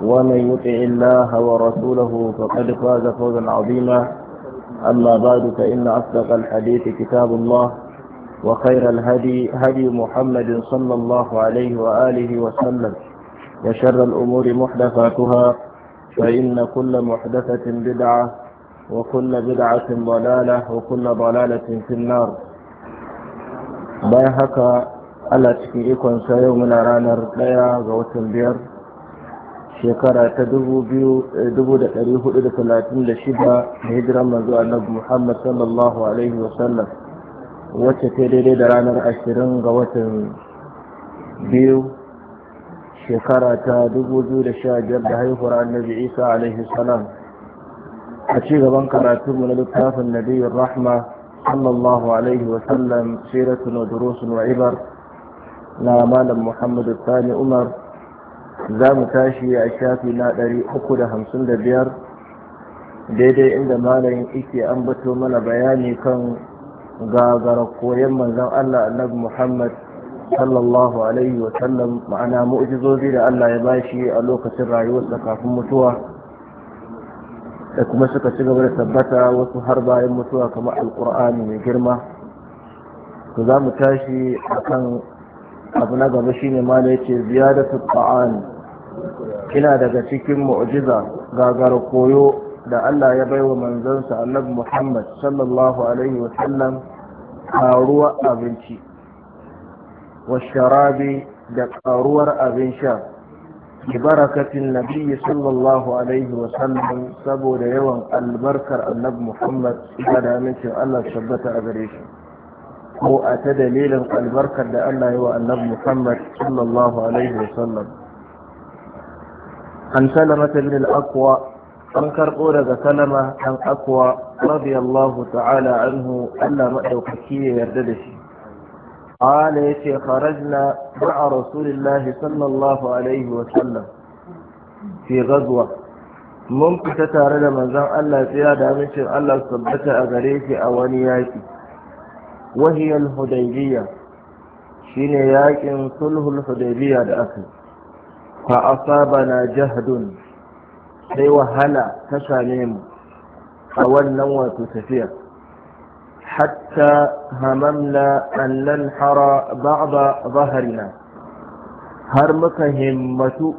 ومن يطع الله ورسوله فقد فاز فوزا عظيما أما بعد فإن أصدق الحديث كتاب الله وخير الهدي هدي محمد صلى الله عليه وآله وسلم وشر الأمور محدثاتها فإن كل محدثة بدعة وكل بدعة ضلالة وكل ضلالة في النار بايهك ألا تكيئكم سيومنا رانر ليا غوث البير shekara ta eh, shida na hijiran manzo annabi Muhammad sallallahu alaihi wasallam wacce ta daidai da ranar ashirin ga watan biyu shekara ta biyar da haihuwar annabi Isa alaihi salam a ci gaban karatunmu na littafin nabiyyar rahma sallallahu alaihi wasallam siratun wa durusun wa ibar na malam Muhammadu Sani Umar za mu tashi a shafi na ɗari uku da hamsin da biyar daidai inda malayin ike bato mana bayani kan gagara koyon manzon Allah annabi Muhammad sallallahu alaihi wa sallam ma'ana mu'jizozi da Allah ya bashi a lokacin rayuwarsa kafin mutuwa da kuma suka ci gaba da tabbata wasu har bayan mutuwa kamar alkur'ani mai girma ku za mu tashi akan abu na gaba shine mala yace ziyadatu ta'an ina daga cikin mu'jiza gagar koyo da Allah ya baiwa manzansa Annabi Muhammad sallallahu alaihi wa sallam karuwar abinci wa sharabi da karuwar abin sha barakatin nabiyyi sallallahu alaihi wa sallam saboda yawan albarkar Annabi Muhammad da amincin Allah tabbata a gare shi ko a ta dalilin albarkar da Allah yi wa annabi Muhammad sallallahu alaihi sallam. an salama ta bin akwa an karɓo daga salama an akwa radiyallahu ta'ala anhu Allah maɗaukaki ya yarda da shi قال يتي خرجنا مع رسول الله صلى الله عليه وسلم في غزوة ممكن تتارد من زن الله زيادة من a الله صبت a wani yaƙi. وهي الهديبية شين ياكن صلح الهديبية لأكل فأصابنا جهد sai wahala ta same mu a wannan wato tafiya hatta hamamna an nan hara ba'da zaharina har muka himmatu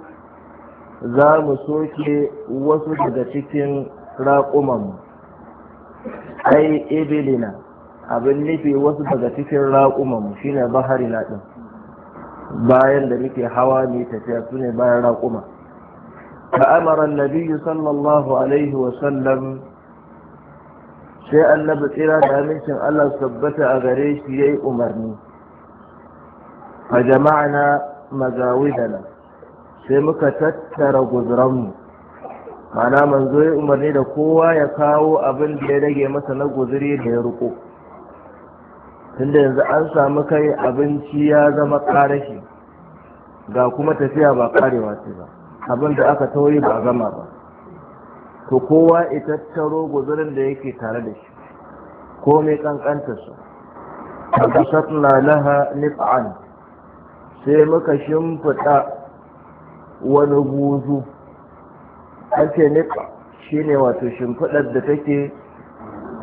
za mu soke wasu daga cikin raƙumanmu ai ibilina abin nufi wasu daga cikin raƙumanmu shine bahari na ɗin bayan da muke hawa ne tafiya su ne bayan raƙuma ka amara nabiyyu sallallahu alaihi wa sallam sai annabi tsira da amincin Allah tabbata a gare shi yayi umarni A fa jama'ana magawidana sai muka tattara guzuranmu mana manzo ya umarni da kowa ya kawo abin da ya rage masa na guzuri da ya ruko tunda yanzu an samu kai abinci ya zama ƙarashi ga kuma tafiya ba ƙarewa ce ba abin da aka tauri ba gama ba to kowa ita taro guzurin da yake tare da shi ko mai kankanta su na laha nif'an sai muka shimfiɗa wani guzu ake nifa shine wato shimfiɗar da take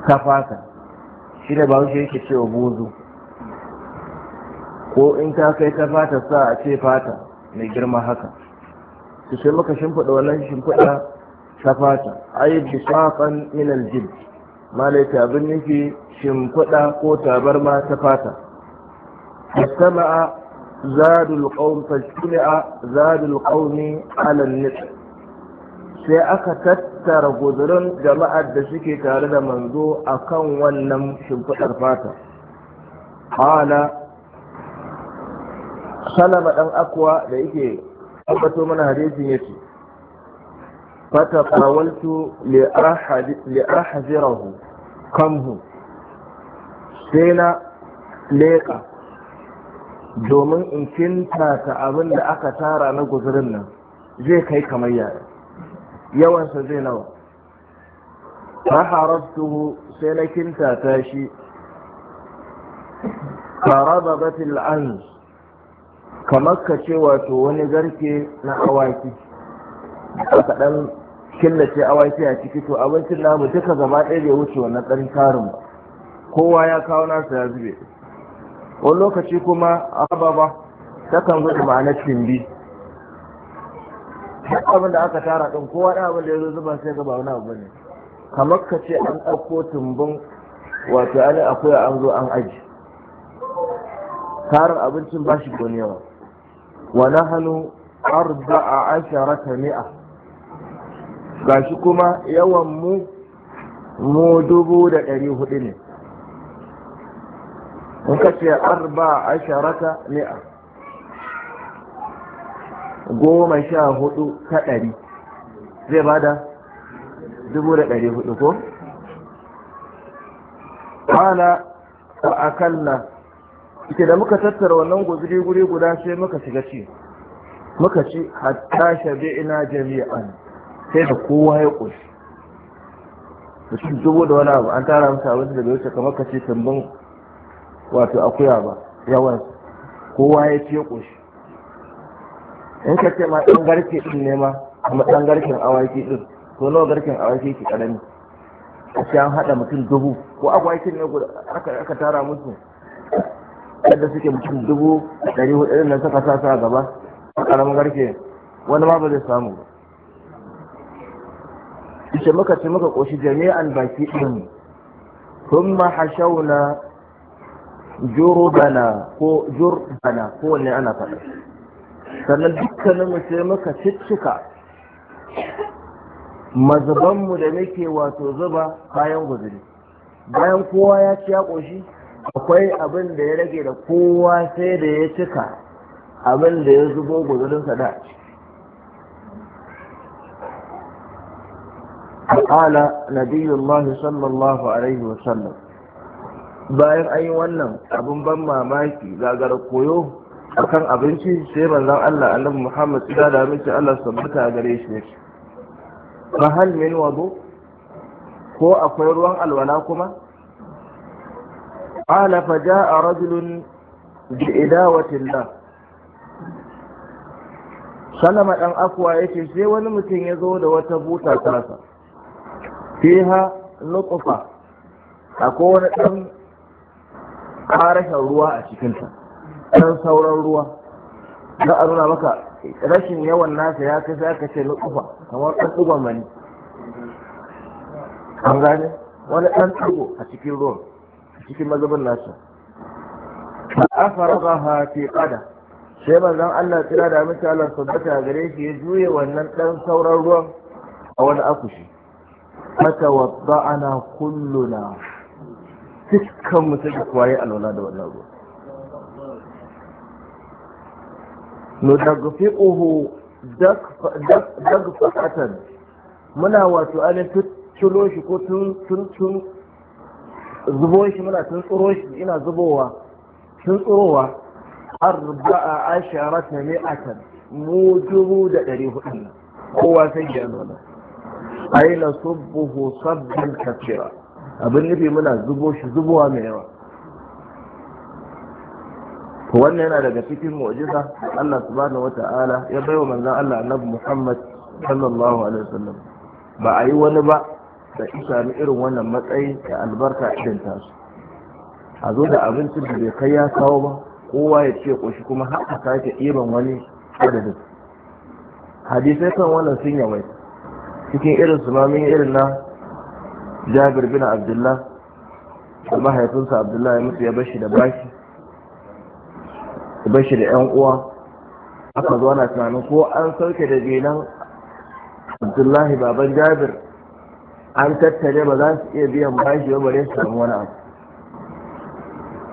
kafata shi da ba yake cewa bozo ko in ka kai ta fata sa a ce fata mai girma haka su sai muka shimfiɗa wannan shimfiɗa ta fata ayi bisafan min aljib malaita abin nufi shimfiɗa ko tabarma ta fata istama'a zadul qawm fajtama'a zadul qawmi ala an sai aka tattara guzurin jama'ar da suke tare da manzo a kan wannan shimfiɗar fata ƙala salama ɗan akwa da yake ambato mana hadisin ya ce fata ƙawaltu li'arhazirahu kamhu sai na leƙa domin in kinta ta abin da aka tara na guzurin nan zai kai kamar yare yawansa zai nawa fa harabtuhu sai na kinta ta shi faraba batil an kamar ka ce wato wani garke na awaki aka dan killace awaki a ciki to abincin namu duka gaba ɗaya bai wuce wannan ɗan tarin ba kowa ya kawo nasa ya zube wani lokaci kuma ababa takan gudu ma'anar timbi duk abin da aka tara ɗin kowa ɗan abin da ya zo zuba sai ga ba wani abu ne kamar ka ce an ɗauko tumbin wato ani akwai an zo an aji tarin abincin ba shi goni yawa wa nahnu arba'a asharata mi'a gashi kuma yawan mu mu dubu da ɗari hudu ne in ka ce arba'a asharata mi'a goma sha hudu ta ɗari zai ba da dubu da ɗari hudu ko? kwana a akalla ita da muka tattara wannan guzuri guri guda sai muka shiga ci muka ci hatta shabe ina jami'an sai da kowa ya ƙoshi mutum dubu da wani abu an tara masa abinci da bai wuce kamar ka ce tambun wato akuya ba yawan kowa ya ce ƙoshi in ka ce ma ɗan garke ɗin ne ma kuma ɗan garken awaki ɗin to nawa garken awaki ke ƙarami a ce an haɗa mutum dubu ko awakin ne aka tara musu yadda suke mutum dubu ɗari hudu ɗin nan suka sa sa gaba a ƙaramin garke wani ma ba zai samu ba ce muka ce muka ƙoshi jami'an baki ɗin sun ma hashauna jurbana ko jurbana ko wanne ana faɗa sannan dukkanin mu sai muka ciccika mu da muke wato zuba kayan guzuri bayan kowa ya ci ya ƙoshi akwai abin da ya rage da kowa sai da ya cika abin da ya zubo sa da قال نبي الله صلى الله عليه وسلم bayan an yi wannan abin ban mamaki gagar koyo akan abinci sai manzon Allah annabi Muhammad ya da miki Allah sabbata a gare shi yake fa hal min wudu ko akwai ruwan alwala kuma ala fa jaa rajulun bi idawati Allah sallama dan akwa yake sai wani mutum ya zo da wata buta tasa fiha nutfa akwai wani dan ƙarashin ruwa a cikinta ɗan sauran ruwa za a nuna maka rashin yawan nasa ya kai sai aka ce na tsufa kamar ɗan ɗigon mani an gane wani ɗan ɗigo a cikin ruwan a cikin mazubin nasa ba a faraga ha fi ƙada sai zan Allah tsira da miki Allah tabbata gare shi ya juye wannan ɗan sauran ruwan a wani akushi mata wadda ana kulluna fiskan mu da kwaye a alwala da wannan ruwan nudagfiquhu dagfatan muna wato alin tulo shi ko tun tun tun zubo shi muna tun tsuro shi ina zubowa tun tsurowa arba'a asharata mi'atan mu dubu da ɗari hudu kowa sai ya nuna aina subbuhu sabbin kafira abin nufi muna zubo shi zubowa mai yawa to wannan yana daga cikin mu'jiza Allah subhanahu wata'ala ya baiwa manzon Allah annabi Muhammad sallallahu alaihi wasallam ba a yi wani ba da isa irin wannan matsayi da albarka idan ta su a zo da abincin da bai kai ya kawo ba kowa ya ce koshi kuma har ka sake iban wani adadin hadisai kan wannan sun yawai cikin irin su mamin irin na jabir bin abdullah da mahaifinsa abdullah ya mutu ya bashi da bashi ku bar shi da yan uwa aka zo ana tunanin ko an sauke da gelan abdullahi baban jabir an tattare ba za su iya biyan bashi ba bare su samu wani abu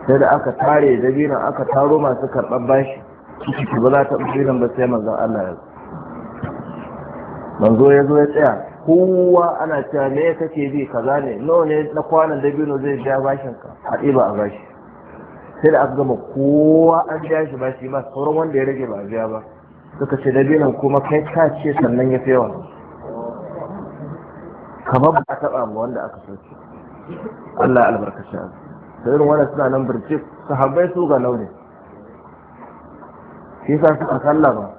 sai da aka tare da aka taro masu karɓar bashi ciki ba za ta nan ba sai manzon Allah ya manzo ya zo ya tsaya kowa ana cewa me kake bi kaza ne nawa ne na kwanan dabino zai biya bashin ka a ba a bashi sai da aka gama kowa an biya shi ba shi ba sauran wanda ya rage ba a biya ba suka ce dabinan kuma kai ka ce sannan ya fi yawa kamar ba a taɓa ma wanda aka sauke Allah albarkaci a Sai irin wanda suna nan birce sahabbai su ga launi shi sa suka sallah ba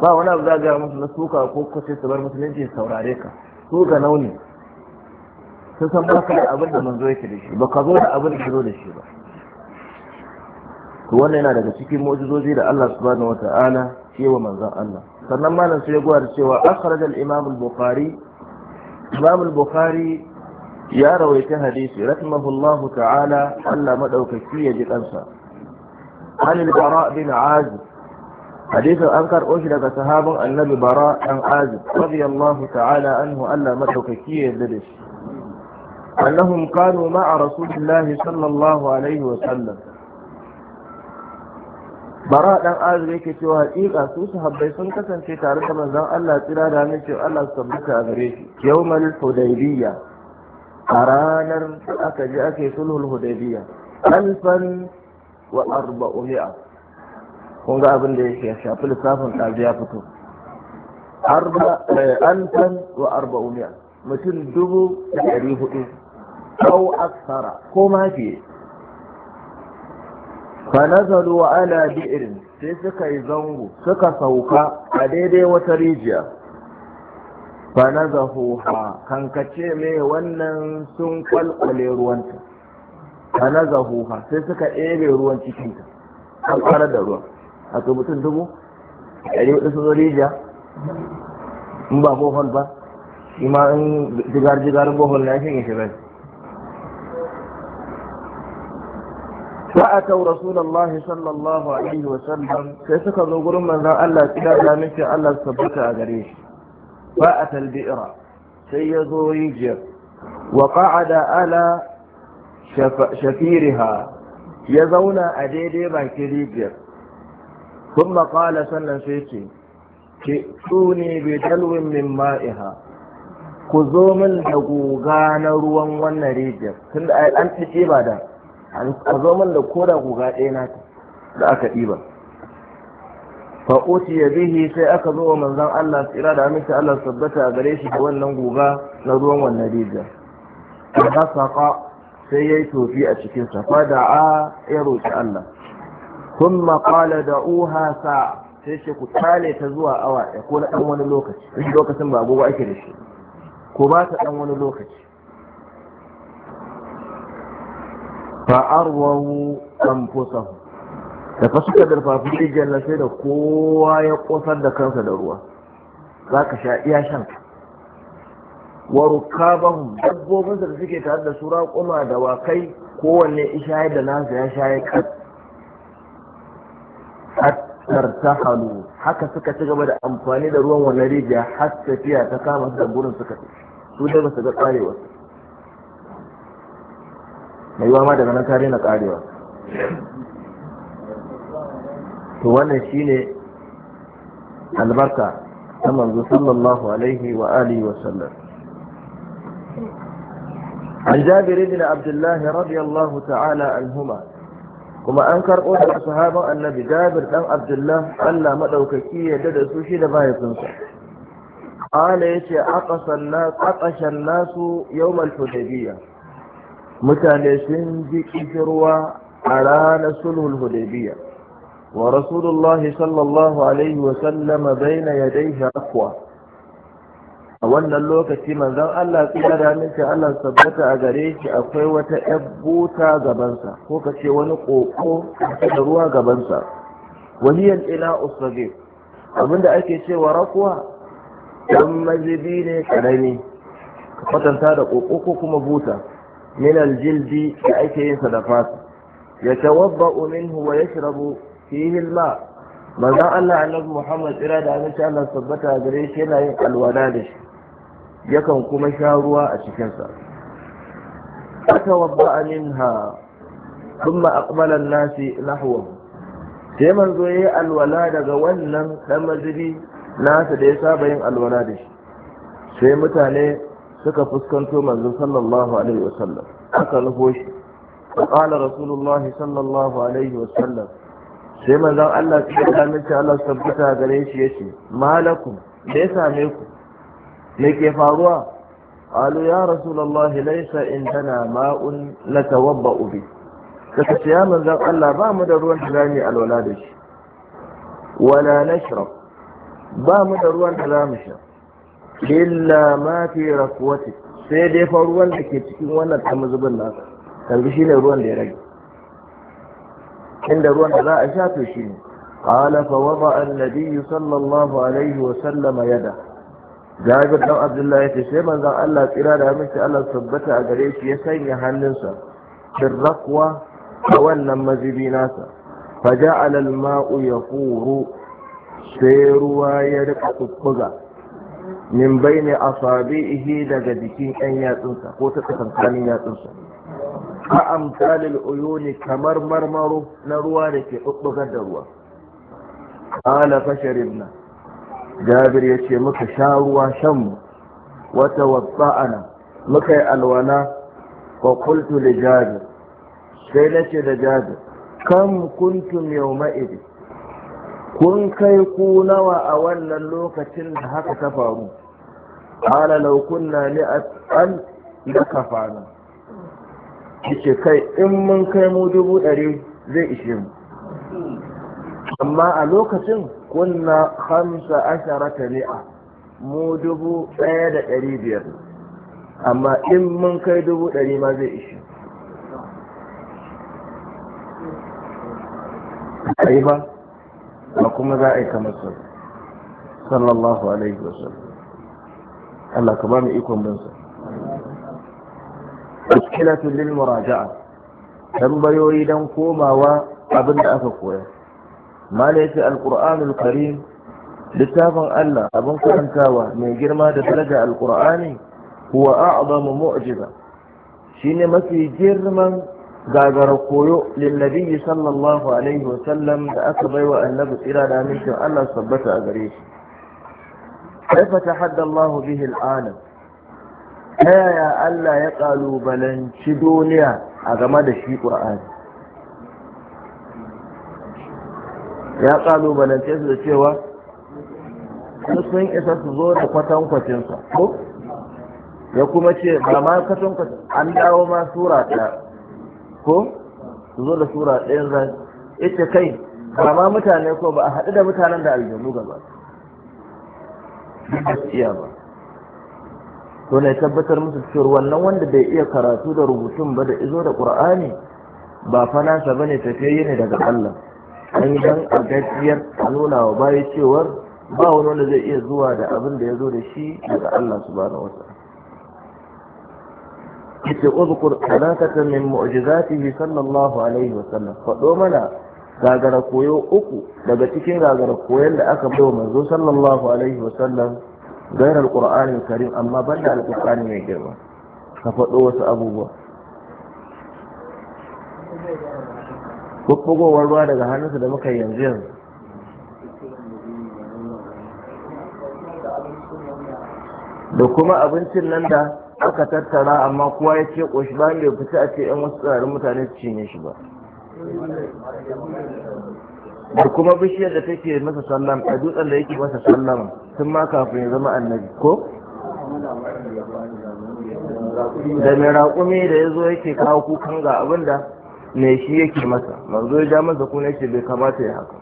ba wani abu za gaya musu na suka ko kwace su bar musulunci saurare ka su ga launi sun san ba ka da abin da manzo yake da shi ba ka zo da abin da zo da shi ba to wannan yana daga cikin mu'jizozi da Allah subhanahu wata'ala ya wa manzon Allah sannan malam sai ya gowa da cewa akhraj al-imam al-bukhari imam al-bukhari ya rawaita hadisi rahimahullahu ta'ala Allah madaukaki ya ji kansa an al-bara bin azib hadisin an karɓo shi daga sahabin annabi bara dan azib radiyallahu ta'ala anhu Allah madaukaki ya yarda da shi annahum kanu ma'a rasulillahi sallallahu alaihi wa sallam bara dan azur yake cewa hakika su sahabbai sun kasance tare da manzon Allah tsira da hannun cewa Allah su tabbata a gare shi yawmal hudaybiyya a ranar aka je ake sulhul hudaybiyya alfan wa arba'umi'a kun ga abin da yake shafi lissafin ɗazu ya fito eh, alfan wa arba'umi'a mutum dubu da ɗari hudu au aksara ko ma fanazaru ala bi'irin sai suka yi zango suka sauka a daidai wata rijiya fanazahu ha kankace mai wannan sun kwalkwale ruwanta fanazahu ha sai suka ɗebe ruwan cikinta an ƙarar da ruwan a mutum dubu ɗari hudu sun zo rijiya in ba bohol ba shi ma in jigar jigar bohol na shi ne shi bai فأتوا رسول الله صلى الله عليه وسلم كيسك ذوقر من ذا ألا تلا لا نشي ألا ثبت أغريش فأتى البئر سيذو يجر وقعد على شف... شفيرها يزون أديدي باكريجر ثم قال سنة سيتي جئتوني بدلو من مائها ku zo min da guga na ruwan wannan rijiyar tun da an tafi ba da a zo min da koda guga ɗaya na da aka ɗiba fa ya bihi sai aka zo wa manzon Allah tsira da aminta Allah sabbata a gare shi da wannan guga na ruwan wannan rija fa hasaqa sai yayi tofi a cikin sa fa da'a ya roki Allah thumma qala da'uha sa sai ce ku tale ta zuwa awa ko na dan wani lokaci lokacin ba agogo ake da shi ko ba ta dan wani lokaci fa'arwahu anfusahum da fa suka darfafi rijiyar na sai da kowa ya kosar da kansa da ruwa za ka sha iya shan wa rukabahum dabbobin da suke tare da su kuma da wakai kowanne isha da nasa ya sha ya kat tartahalu haka suka ci gaba da amfani da ruwan wannan rijiya har tafiya ta kama su da burin suka su dai ba su ga tsarewa mai yiwa ma daga nan ka na karewa to wannan ne albarka ta manzo sallallahu alaihi wa alihi wa sallam an jabir ibn abdullah radiyallahu ta'ala anhuma kuma an karɓo da sahaban annabi jabir dan abdullah Allah madaukaki ya da su shi da mahaifinsa قال يتي عطش الناس عطش الناس يوم الحديبيه mutane sun ji kishirwa a ranar sulhul hudaybiya wa rasulullahi sallallahu alaihi wa sallama baina yadayhi akwa a wannan lokaci manzon Allah tsira da miki Allah sabbata a gare shi akwai wata ƴar buta gabansa ko kace wani koko da ruwa gabansa waliyan ila usagir abinda ake cewa rakwa dan mazibi ne karami ka kwatanta da koko ko kuma buta min aljildi da ake yin sa da fata ya tawabba'u minhu wa yashrabu fihi hilma. manzon Allah annabi Muhammad tsira da annabi Allah tabbata gare shi yana yin alwala da shi yakan kuma sha ruwa a cikin sa fatawabba'a minha thumma aqbala an-nasi nahwahu sai manzo yayi alwala daga wannan dan mazubi nasa da ya saba yin alwala da sai mutane suka fuskanto manzo sallallahu alaihi wasallam aka nufo shi qala rasulullahi sallallahu alaihi wasallam sai manzon Allah ya kame shi Allah tabbata gare shi yace malakum me ya same ku me ke faruwa qalu ya rasulullahi laysa indana ma'un natawabba bi kaka ce ya manzon Allah ba mu da ruwan da zamu alwala da shi wala nashrab ba mu da ruwan da zamu illa ma fi rakwati sai dai fa ruwan da ke cikin wannan tamzubin nan shi ne ruwan da ya rage inda ruwan da za a sha to ne. qala fa wada annabi sallallahu alaihi wa sallam yada jabir dan abdullahi yace sai manzon Allah tsira da miki Allah tabbata a gare shi ya sanya hannunsa bin rakwa a wannan mazubi nasa fa ja'ala al-ma'u yaquru sai ruwa ya rika kukkuga min bayni asabihi daga jikin yan yatsunsa ko ta tsakankanin yatsunsa ka amsalil uyuni kamar marmaro na ruwa da ke bubbugar da ruwa qala fasharibna jabir yace muka sha ruwa shan mu wa tawaffa'ana muka yi alwala wa qultu li jabir sai ce da jabir kam kuntum yawma idin kun kai ku nawa a wannan lokacin da haka ta faru qala law kunna mi'atan lakafana yace kai in mun kai mu dubu ɗari zai ishe mu amma a lokacin kunna hamsa asharata mi'a mu dubu ɗaya da ɗari biyar amma in mun kai dubu ɗari ma zai ishe a yi ba ba kuma za a yi kamar sallallahu alaihi wasallam Allah ka ba mu ikon bansa. sa lil muraja'a tambayoyi don komawa abin da aka koya malai ce karim littafin Allah abin karantawa mai girma da daraja alqur'ani huwa a'zamu mu'jiza shine mafi girman gagara koyo lillabi sallallahu alaihi sallam, da aka baiwa annabi tsira da amincin Allah sabbata a gare shi kaifa tahadda Allahu bihi al'alam ta yaya Allah ya kalubalanci duniya a game da shi Qur'ani ya kalubalance su da cewa sun isa su zo da sa ko ya kuma ce ba ma kwatankwacin an dawo ma sura ɗaya ko su zo da sura ɗayan zai ita kai ba ma mutane ko ba a haɗu da mutanen da aljanu gaba ba su ba to ne tabbatar musu cewa wannan wanda bai iya karatu da rubutun ba da izo da ƙur'ani ba fanasa ba ne tafiye ne daga allah an yi dan a a nuna wa bayi cewar ba wani wanda zai iya zuwa da abin da ya zo da shi daga allah subhanahu wata'ala yace uzkur salatatan min mu'jizatihi sallallahu alaihi wasallam faɗo mana gagara koyo uku daga cikin gagara koyon da aka bai wa manzo sallallahu alaihi wasallam gairar qur'anin karim amma banda alqur'ani mai girma ka faɗo wasu abubuwa kubbugowar ruwa daga hannunsa da muka yanzu yanzu da kuma abincin nan da aka tattara amma kowa ya ce ƙoshi ba ne fita a ce 'yan wasu tsarin mutane su cinye shi ba da kuma bishiyar da take masa sallam a dutsen da yake masa sallam tun ma kafin ya zama annabi ko da mai raƙumi da ya zo yake kawo kukan ga abin da shi yake masa manzo ya ja masa kuna yake bai kamata ya haka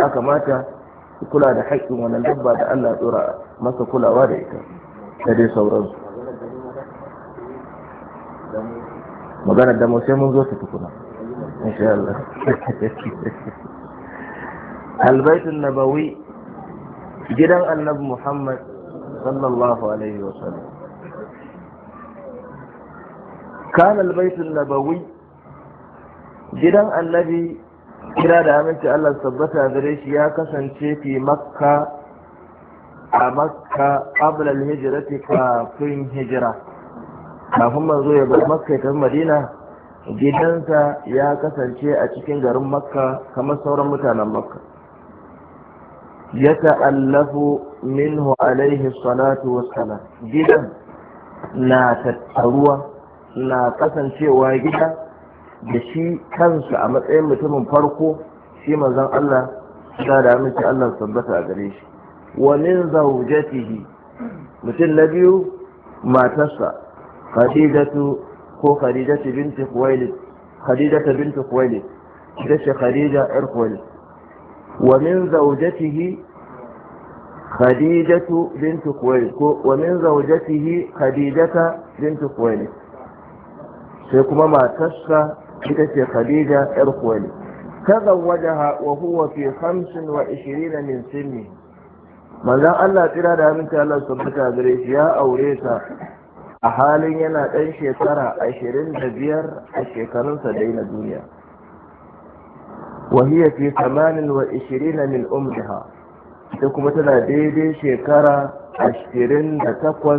ya kamata kula da haƙƙin wannan dabba da Allah tsora masa kulawa da ita da dai sauransu magana da mu sai mun zo su tukuna إن شاء الله البيت النبوي جدا النبي محمد صلى الله عليه وسلم كان البيت النبوي جدا النبي kira da aminci Allah tabbata gare shi ya kasance fi makka a makka qabla al-hijrati kafin hijira kafin manzo ya bar makka ta madina gidansa ya kasance a cikin garin makka kamar sauran mutanen makka ya ta'allafu minhu alaihi salatu wassalam gidan na tattaruwa na kasancewa gida da shi kansa a matsayin mutumin farko shi manzon Allah ya da miki Allah sabbata a gare shi wa min zawjatihi mutum na biyu matarsa khadijatu ko khadija binti khuwailid khadija binti khuwailid ita ce khadija yar khuwailid wa min zawjatihi khuwailid Ko wa min zawjatihi خديجة Binti khuwailid sai kuma matarsa ita ce Khadija ‘yar khuwailid Ta zawwajaha wa huwa fi hamsin wa min sinni. Manzon Allah tsira da aminta Allah subhanahu wa gare shi ya aure ta a halin yana ɗan shekara ashirin da biyar a shekarunsa dai na duniya wahiyya fi samanin wa ishirina min umriha ita kuma tana daidai shekara ashirin da takwas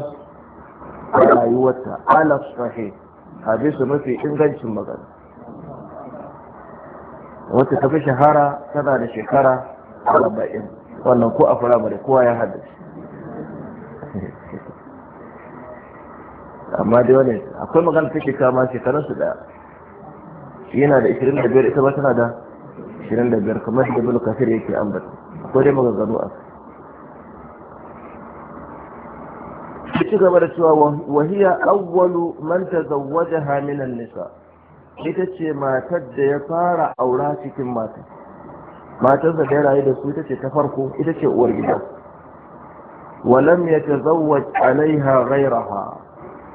a rayuwarta alaf sahi hadisu mafi ingancin magana wata tafi shahara tana da shekara arba'in wannan ko a firamare kowa ya haddace amma dai wani akwai magana take kama shekarun su daya yana da 25 ita ba tana da 25 kamar da bulu kafir yake ambata akwai dai maganganu a su ci gaba da cewa wahiya awwalu man tazawwajaha Haminan nisa ita ce matar da ya fara aura cikin mata matarsa da ya rayu da su ita ce ta farko ita ce uwar gida walam ya tazawwaj alaiha ghairaha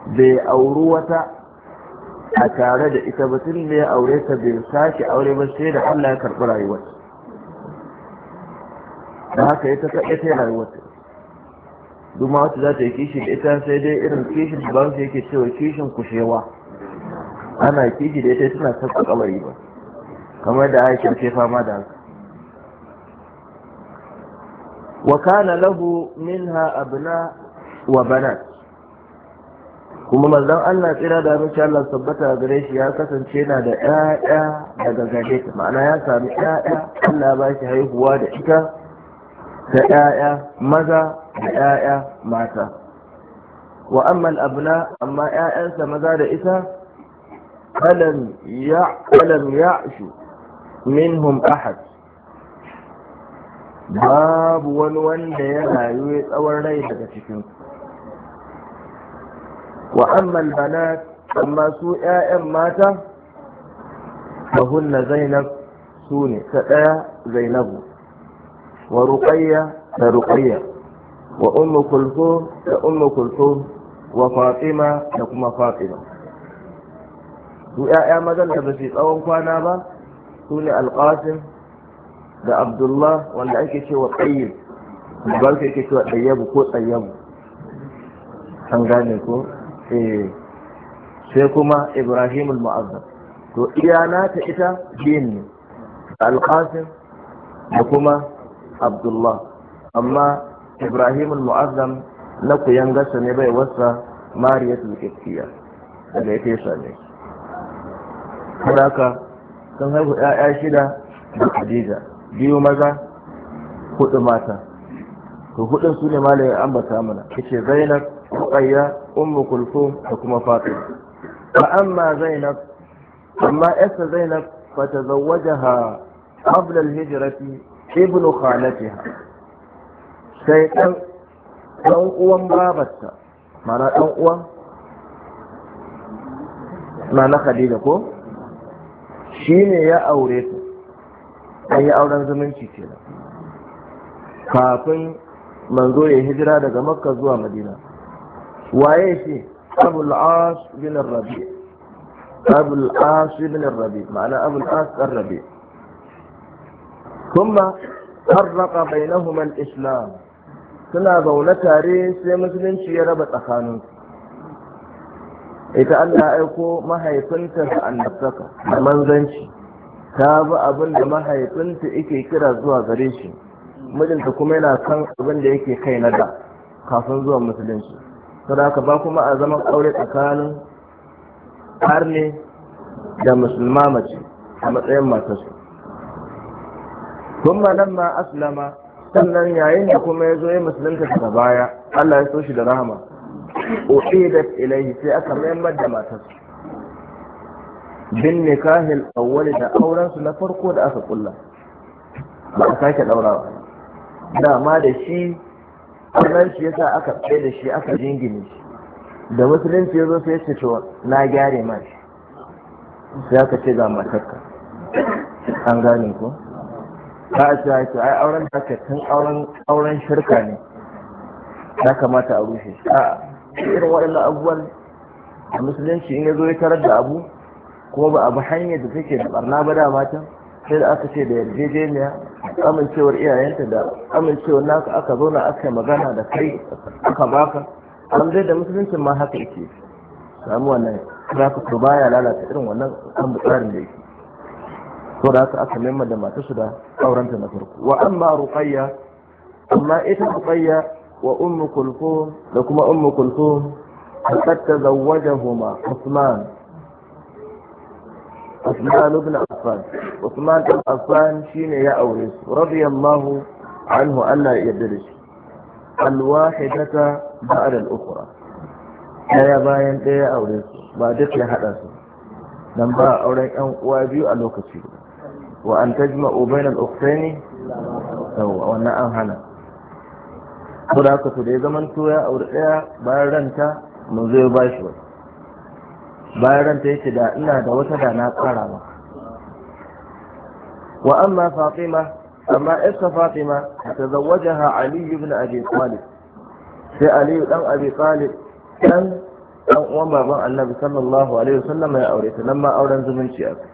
bai auri wata a tare da ita ba tun da ya aure ta bai sake aure ba sai da Allah ya karɓi rayuwar da haka ya ta ta rayuwar ta duma wata za ta yi kishi da ita sai dai irin kishin da ba yake cewa kishin kushewa ana kishi da ita tana sassa kamari ba kamar da aiki ce fama da haka wa kana lahu minha abna wa banat kuma manzon Allah tsira da mace Allah tabbata gare shi ya kasance yana da ƴaƴa daga gare ta ma'ana ya sami ƴaƴa Allah ba shi haihuwa da ita da ƴaƴa maza da ƴaƴa mata wa amma al-abna amma ƴaƴansa maza da ita alam ya alam ya'shu minhum ahad babu wani wanda ya rayu tsawon rai daga cikin wa amman bana amma su ƴaƴan mata fahunna zainab su ne ta ɗaya zainabu wa ruqayya da ruqayya wa umma kulthum da umma kulthum wa fatima da kuma fatima su ƴaƴa mazan da ba tsawon kwana ba su ne alƙasim da abdullah wanda ake cewa tsayyib ba ake cewa tsayyabu ko tsayyabu an gane ko Eh, sai kuma ibrahim al-mu'azzam to iya ta ita jin ne alqasim da kuma abdullah amma ibrahim al-mu'azzam na kuyan gasa ne bai wasa mariya tulkiya daga ya fesa ne haka sun haihu 'ya'ya shida da khadija biyu maza hudu mata to hudun su ne malayin ambata mana ita zainab ruqayya ummu kulthum da kuma fatima fa amma zainab amma yasa zainab fa tazawwajaha qabla al-hijrati ibnu khalatiha sai dan dan uwan babarta mana dan uwan nana khadija ko ne ya aure ta an yi auren zumunci kenan kafin manzo ya hijira daga makka zuwa madina waye shi abul as bin rabi abul as bin rabi ma'ana abul as ar rabi kuma farraqa bainahuma al-islam suna zaune tare sai musulunci ya raba tsakaninsu ita Allah aiko mahaifinta da annabtaka da manzanci ta bi abin da mahaifinta yake kira zuwa gare shi mijinta kuma yana kan abin da yake kai na da kafin zuwa musulunci saboda haka ba kuma a zaman aure tsakanin harne da musulma mace a matsayin matarsu kuma nan ma aslama sannan yayin da kuma ya zo ya musulunta daga baya Allah ya so shi da rahama da ilayhi sai aka mayar da matarsu bin nikahil awwali da aurensu na farko da aka kulla ba a sake daurawa dama da shi wannan shi yasa aka tsaye da shi aka jingine shi da musulunci ya zo sai ce to na gyare ma shi sai aka ce ga matarka an gane ko ba a cewa ce ai auren da ka tun auren auren shirka ne ya kamata a rushe shi a irin waɗannan abubuwan a musulunci in ya zo ya tarar da abu kuma ba abu hanyar da take da barna ba da matan sai da aka ce da yarjejeniya amincewar iyayenta da amincewar naka aka zauna aka magana da kai aka baka an zai da musuluncin ma haka yake samu wannan zaka ko baya lalata irin wannan kan tsarin da yake Ko da haka aka memma da su da aurenta na farko wa amma ruqayya amma ita ruqayya wa ummu kulthum da kuma ummu kulthum faqad tazawwajahuma Usman Usman ibn Affan shine ya aure su radiyallahu anhu Allah ya yarda da shi alwahidata ba'da al-ukhra daya bayan daya aure su ba duk ya hada su dan ba auren yan uwa biyu a lokaci wa an tajma'u bayna wannan an hana saboda da ya zamanto ya bayan ranta mun zo bashi bayan ta yake da ina da wata da na tsara ba wa amma fatima amma isa fatima ta ha ali ibn abi talib sai ali dan abi talib dan dan uwan baban annabi sallallahu alaihi wasallam ya aure ta nan ma auren zumunci a kai.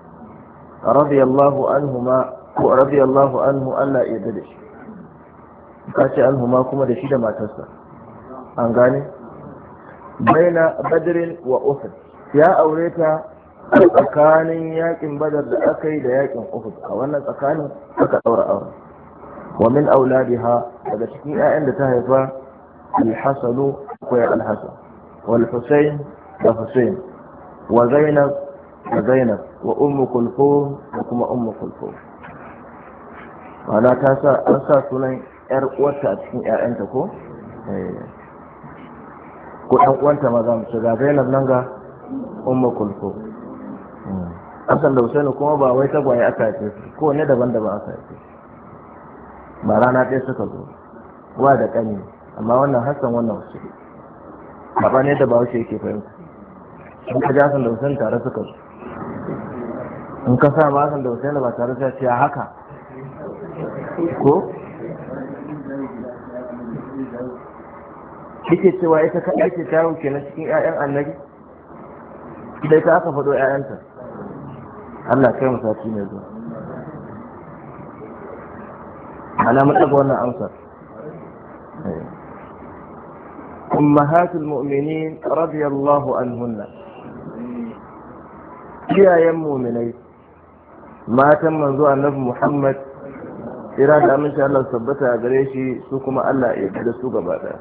radiyallahu anhuma ko radiyallahu anhu Allah ya yarda da shi kace anhuma kuma da shi da matarsa an gane baina badrin wa uhud ya aure ta tsakanin yakin badar da aka yi da yakin uhud a wannan tsakanin aka daura aure wa min auladiha daga cikin 'ya'yan da ta haifa ya al-hasan wal husayn da husayn wa zainab da zainab wa ummu kulthum da kuma ummu kulthum ma'ana ta sa an sa sunan yar uwarta a cikin 'ya'yanta ko eh. ko ɗan uwanta maza mu shiga zainab nan ga umma kulku hasan da husaini kuma ba wai tagwaye aka ce ko ne daban-daban aka haife ba rana ɗaya suka zo wa da ƙani amma wannan hassan wannan husaini ba ne da ba wuce yake fahimta in ka ji hasan da husaini tare suka zo in ka sa ma hasan da husaini ba tare sai ce haka ko kike cewa ita kaɗai ce ta wuce na cikin 'ya'yan annabi dai ta aka faɗo ƴaƴanta Allah kai musati ne zuwa alamun ɗaga wannan amsar أمهات المؤمنين رضي الله عنهن يا يم مؤمنين ما تم منذ النبي محمد إرادة من شاء الله ثبتها قريشي سوكما ألا يبدأ سوكما بعدها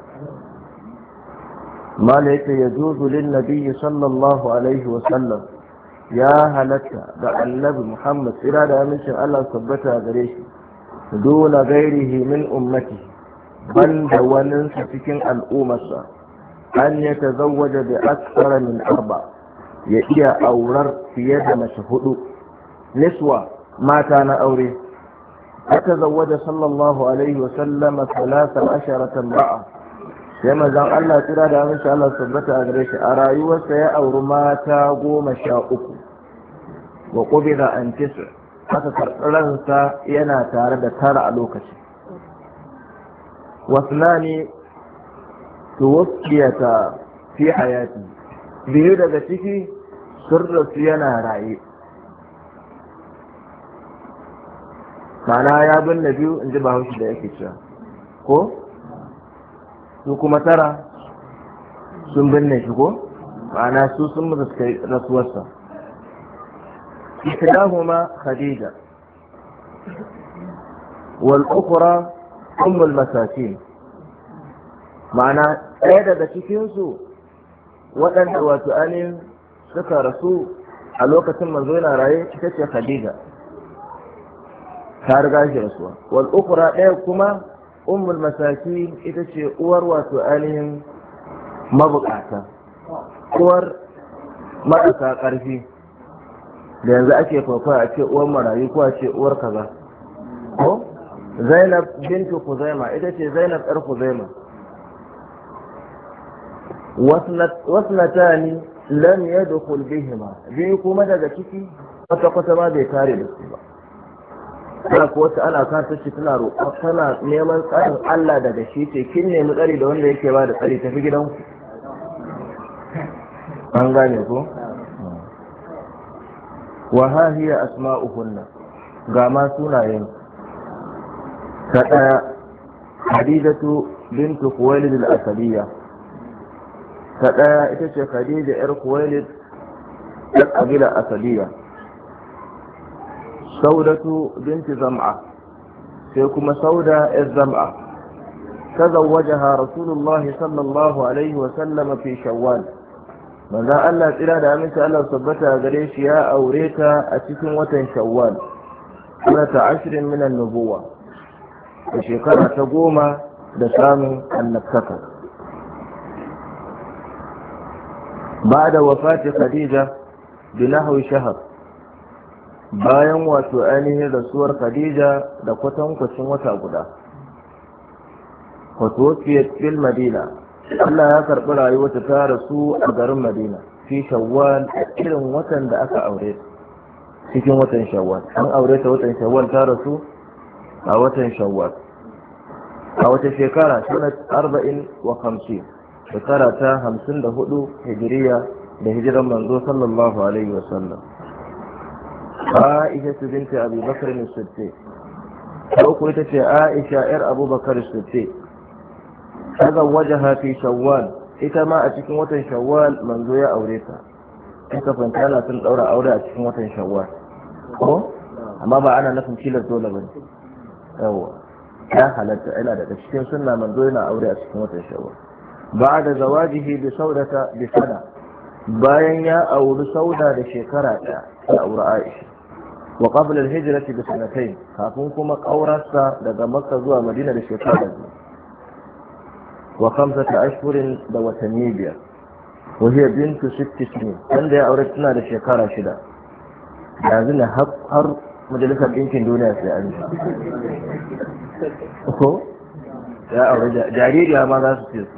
ما ليك يجوز للنبي صلى الله عليه وسلم يا هلتا دع النبي محمد إلى دامنش ألا ثبتها غريش دون غيره من أمته بل دوانن سفكين الأمة أن يتزوج بأكثر من أربع يئيا أورر في يد مشهد نسوة ما كان أوري فتزوج صلى الله عليه وسلم ثلاث عشرة امرأة sai mazan Allah tura da amince Allah tabbata a gare shi a rayuwarsa ya auri mata goma sha uku wa qubida an tis'a haka karɓaransa yana tare da tara a lokaci wasnani ta fi hayati biyu daga ciki sun rasu yana raye mana ya binne biyu in ji bahaushe da yake cewa ko su kuma tara sun binne shi ko ma'ana su sun musu rasuwarsa kuma khadija wal ukhra ummul masakin ma'ana ɗaya daga cikin su waɗanda wato anin suka rasu a lokacin manzo yana raye ita ce khadija ta riga shi rasuwa wal ukhra ɗaya kuma ummul masaki ita ce uwar wato ainihin mabukata uwar marasa ƙarfi da yanzu ake kwakwa a ce uwar marayu ko a ce uwar kaza ko zainab bintu kuzaima ita ce zainab ɗar kuzaima wasnatani lam yadkhul bihima biyu kuma daga ciki kwata-kwata ma bai kare da su ba tana ko wata ana kan ta ce tana roƙo tana neman tsarin Allah daga shi ce kin nemi tsari da wanda yake ba da tsari tafi gidan ku an gane ko wa ha hiya asma'uhunna ga ma sunayen ta daya hadidatu bintu khuwailid al-asadiyya ta daya ita ce khadija yar khuwailid ta kabila asadiyya saudatu binti zam'a sai kuma sauda yar zam'a ha rasulullah sallallahu alaihi wa sallama fi shawwal manzo Allah tsira da aminci Allah tabbata gare shi ya aure ta a cikin watan shawwal ta ashirin min an a shekara ta goma da samun annabtaka ba da wafati khadija bi nahwi shahr bayan wato ainihin rasuwar khadija da kwatankwacin wata guda wato fil madina Allah ya karɓi rayuwata ta rasu a garin madina fi shawwal a irin watan da aka aure cikin watan shawwal an aure ta watan shawwal ta rasu a watan shawwal a wata shekara sanat arba'in wa hamsin shekara ta hamsin da hudu hijiriya da hijiran manzo sallallahu alaihi wasallam عائشة بنت أبي بكر الصديق فأقول تتي عائشة إر أبو بكر الصديق تزوجها في شوال إذا ما أتكن وطن شوال منذ يا أوريتها إذا فانت أنا تنطور أوري أتكن وطن شوال amma ba ana nufin tilas dole ba ne ya halatta yana daga cikin suna manzo yana aure a cikin watan shawwal ba da zawajihi bi saudata bi sana bayan ya auri sauda da shekara ɗaya ta auri aisha wa qabla al-hijrati bi sanatayn kafin kuma ƙaurarsa daga makka zuwa madina da shekara biyu wa khamsata ashhurin da watanni biyar wa hiya bintu sitti sinin wanda ya aure tana da shekara shida yanzu ne har majalisar ɗinkin duniya sai an ji ko ya aure jaririya ma za su ce su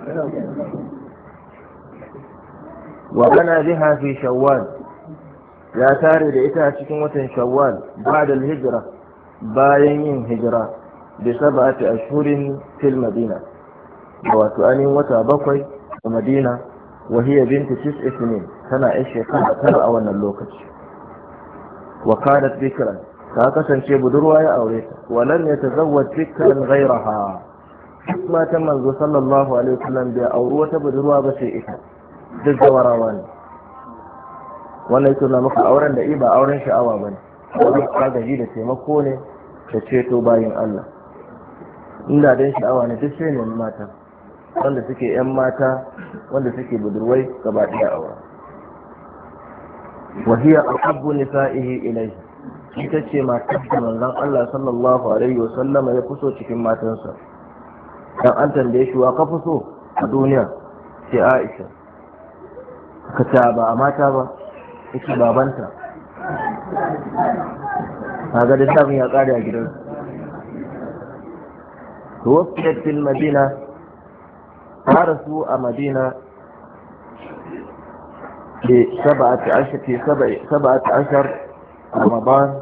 wa kana biha fi shawwal ya tare da ita a cikin watan shawwal ba'da hijira bayan yin hijira bi sab'ati ashurin fil madina wato anin wata bakwai a madina wa hiya binti tis'i tana yar shekara tara a wannan lokaci wa kanat bikran ta kasance budurwa ya aure ta wa lam yatazawwaj bikran ghayraha duk matan manzo sallallahu alaihi wasallam bai auri wata budurwa ba sai ita duk zawarawa ne wannan yake maka auren da ba auren sha'awa bane wannan agaji da taimako ne da ceto bayan Allah inda dan sha'awa ne duk sai ne mata wanda suke yan mata wanda suke budurwai gaba ɗaya aura wa hiya iri nisa'ihi ilayhi ita ce mata da manzon Allah sallallahu alaihi wa sallama ya kuso cikin matansa dan an tambaye shi wa ka fuso a duniya sai Aisha ka ta ba a mata ba yake babanta kaga da sabon ya kare a gidansu توفيت في المدينة عرفوا مدينة بسبعة عشر في سبعة عشر رمضان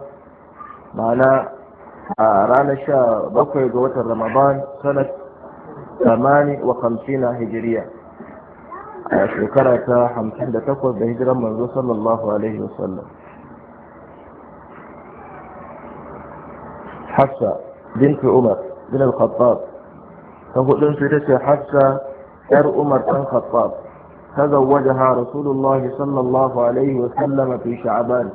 معنا رانا شا بكر جوة رمضان سنة ثمان وخمسين هجرية a shekara ta hamsin da takwas da hijiran manzo sallallahu alaihi wasallam hafsa binti umar bin al-khattab ta hudun su ita ce hafsa yar umar dan khattab تزوجها رسول الله صلى الله عليه وسلم في شعبان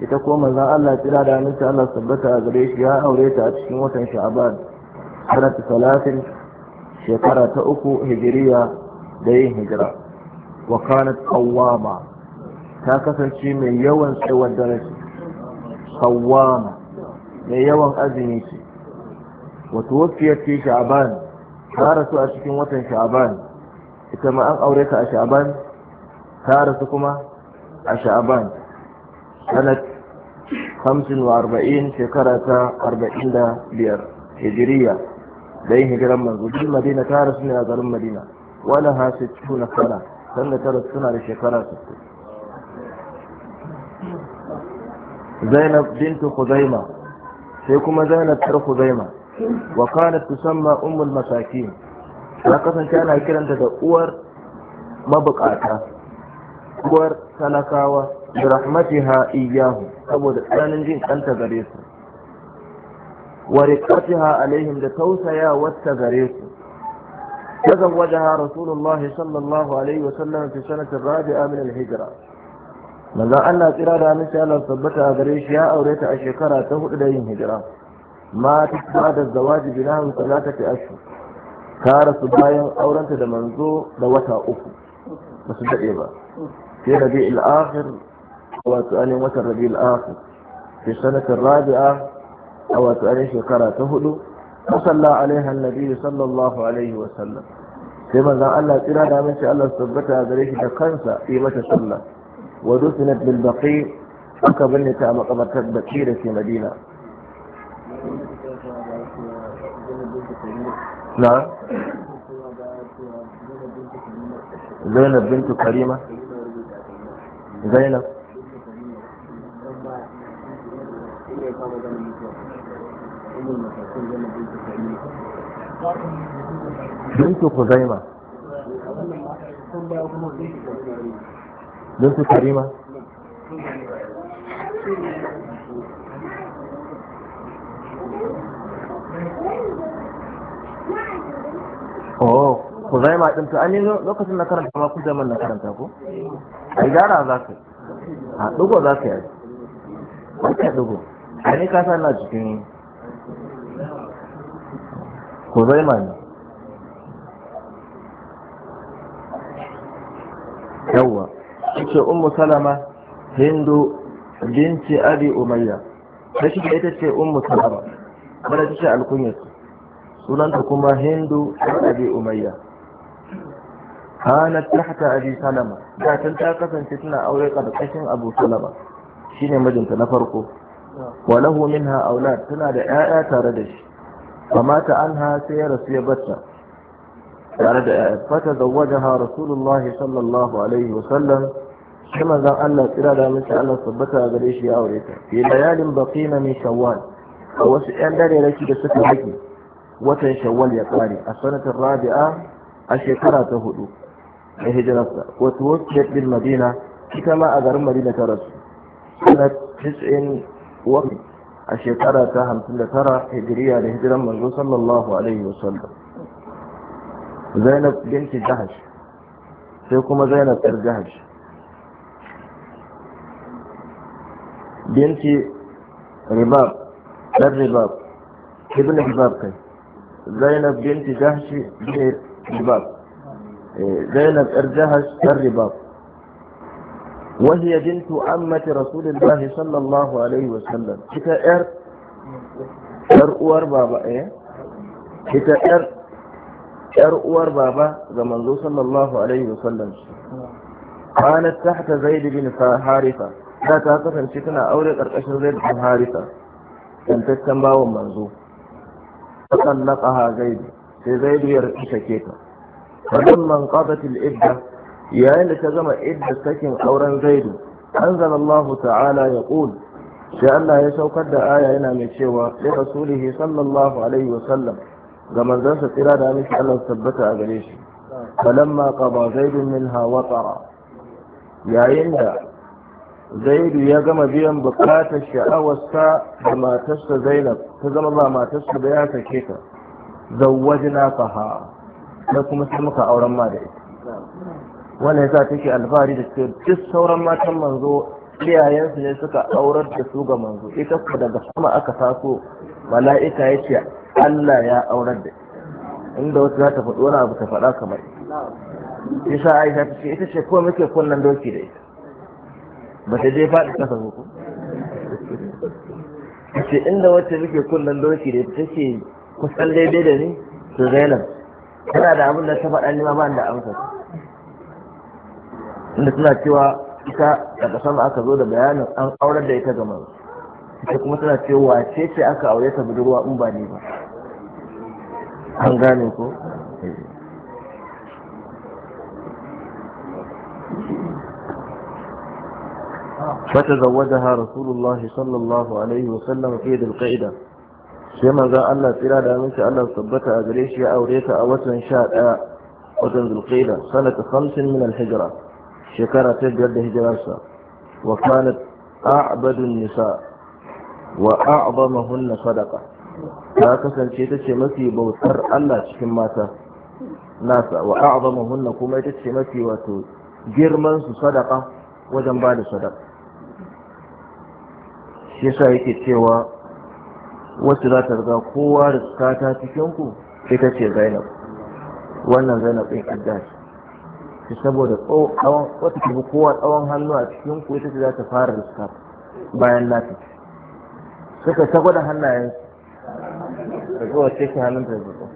ita ko manzon Allah kira da aminci Allah sabbata a gare shi ya aure ta a cikin watan Sha'ban sanata talatin shekara ta uku hijiriya da yin hijira wa kanat ta kasance mai yawan tsawon dare Tsawama mai yawan azumi ce wa tuwfiyat ce sha'ban ta rasu a cikin watan sha'ban ita ma an aure ta a sha'ban ta rasu kuma a sha'ban sanat 45 shekara ta 45 hijiriya da yin hijiran manzo duk madina ta rasu ne a garin madina wala ha sittuna sana sanda ta suna da shekara 60 Zainab bintu Khuzaima sai kuma Zainab tar Khuzaima wa kanat tusamma ummul masakin ta kasance ana kiranta da uwar mabukata uwar talakawa bi rahmatiha iyyahu saboda tsananin jin kanta gare su wa riqatiha alaihim da tausaya wata gare su تزوجها رسول الله صلى الله عليه وسلم في السنة الرابعة من الهجرة manzon Allah tsira da aminci Allah tabbata a gare shi ya aure ta a shekara ta hudu da yin hijira ma ta tsara da zawaji bi nahu salatati ashhur ta rasu bayan aurenta da manzo da wata uku ba su dade watan rabi'il sanatin rabi'a a shekara ta hudu وصلى عليها النبي صلى الله عليه وسلم sai manzon Allah tsira da mace Allah su tabbata gare shi da kansa yi mata sallah wa dusinat bil baqi aka binne ta a makabartar baqi da Zainab bintu Karima Zainab bintu kuzaima bintu karima oh kuzaima din to an yi lokacin na karanta ma kuzaima na karanta ko ai gara za ka a ɗugo za su yi A ka dugo a ne kasa na cikin huzaima ne yawwa ce ummu salama hindu binti abi umayya ta shi ita ce ummu salama wadda ta ce alkunyar sunanta kuma hindu abi umayya kanat tahta abi salama da tun ta kasance tana aure karkashin abu salama shine mijinta na farko wa lahu minha aulad tana da 'ya'ya tare da shi فمات عنها سير سيبتها فتزوجها رسول الله صلى الله عليه وسلم كما ذا الله ترى ذا من الله ثبتها غريش يا أوريتا في ليال بقينا من شوال وسئل داري لكي بسكة حكي وتن شوال يقاري السنة الرابعة الشكرة تهدو هجرتها وتوكت بالمدينة كما أغر مدينة رسول سنة تسع وقت a shekara ta hamsin da tara hijiriya da hijiran manzo sallallahu alaihi wasallam zainab binti jahash sai kuma zainab yar jahash binti ribab dan ribab ibn ribab kai zainab binti jahash bin ribab zainab yar jahash dan ribab وهي بنت عمة رسول الله صلى الله عليه وسلم ita yar uwar baba ga manzo sallallahu alaihi wasallam kanat tahta zaid bin harifa da ta kasance tana aure karkashin zaid bin harifa tantaccen bawan manzo ta tallaqaha zaid sai zaid ya rike ta falamma idda yayin da ta zama idda sakin auren zaidu anzalallahu ta'ala ya qul sai Allah ya saukar da aya yana mai cewa li rasulihi sallallahu alaihi wa sallam ga manzansa tsira da miki Allah tabbata a gare shi falamma qada zaidun minha watara yayin da zaidu ya gama biyan bukatar sha'awarsa da matarsa zainab ta zama ba matarsa da ya sake ta zawwajna faha da kuma sai muka auren ma da ita wannan yasa take alfahari da cewa duk sauran matan manzo iyayensu ne suka aurar da su ga manzo ita ku daga sama aka taso mala'ika ya ce Allah ya aurar da inda wata za ta faɗi wani abu ta faɗa kamar yasa Aisha ta ce ita ce ko muke kunnan doki da ita ba ta je faɗi kasa ko ce inda wacce muke kunnan doki da ita ta ce kusan daidai da ni su Zainab tana da abin da ta faɗa ni ma ba da amsa inda suna cewa ita daga sama aka zo da bayanin an aurar da ita ga manzo ita kuma suna cewa wace ce aka aure ta budurwa in ba ne ba an gane ko فتزوجها رسول الله صلى الله عليه وسلم في ذي القعدة كما قال الله تعالى دا منك الله ثبت أدريش يا أوريك أوسن شاء وتنزل قيلة سنة خمس من الهجرة shekara ta biyar da hijirarsa wa kanat a'badun nisa wa a'zamahunna sadaqa ta kasance ta ce mafi bautar Allah cikin mata nasa wa a'zamahunna kuma ita ce mafi wato girman su sadaqa wajen ba da sadaqa shi yasa yake cewa wasu za ta riga kowa da ta cikin ku ita ce Zainab wannan Zainab ɗin Addashi shi saboda tsawon wata tafi kowa tsawon hannu a cikin ku ita za ta fara riska bayan lati suka ta gwada hannayen da zuwa cikin hannun ta zuwa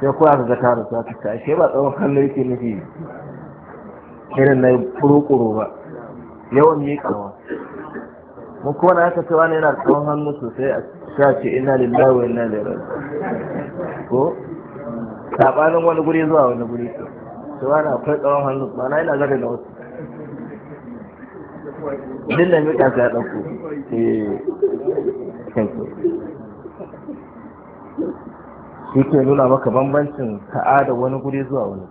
sai kowa ka ga ta riska ta ta ashe ba tsawon hannu yake nufi irin na kuro ba yawan yi kawo. mun kuma na aka cewa ne yana tsawon hannu sosai a ce ina lillahi wa ina ilaihi ko sabanin wani guri zuwa wani guri to ana akwai tsawon hannu ba na ina zaka da wasu din da mika ka dauko eh shi ke nuna maka bambancin ta'ada wani guri zuwa wani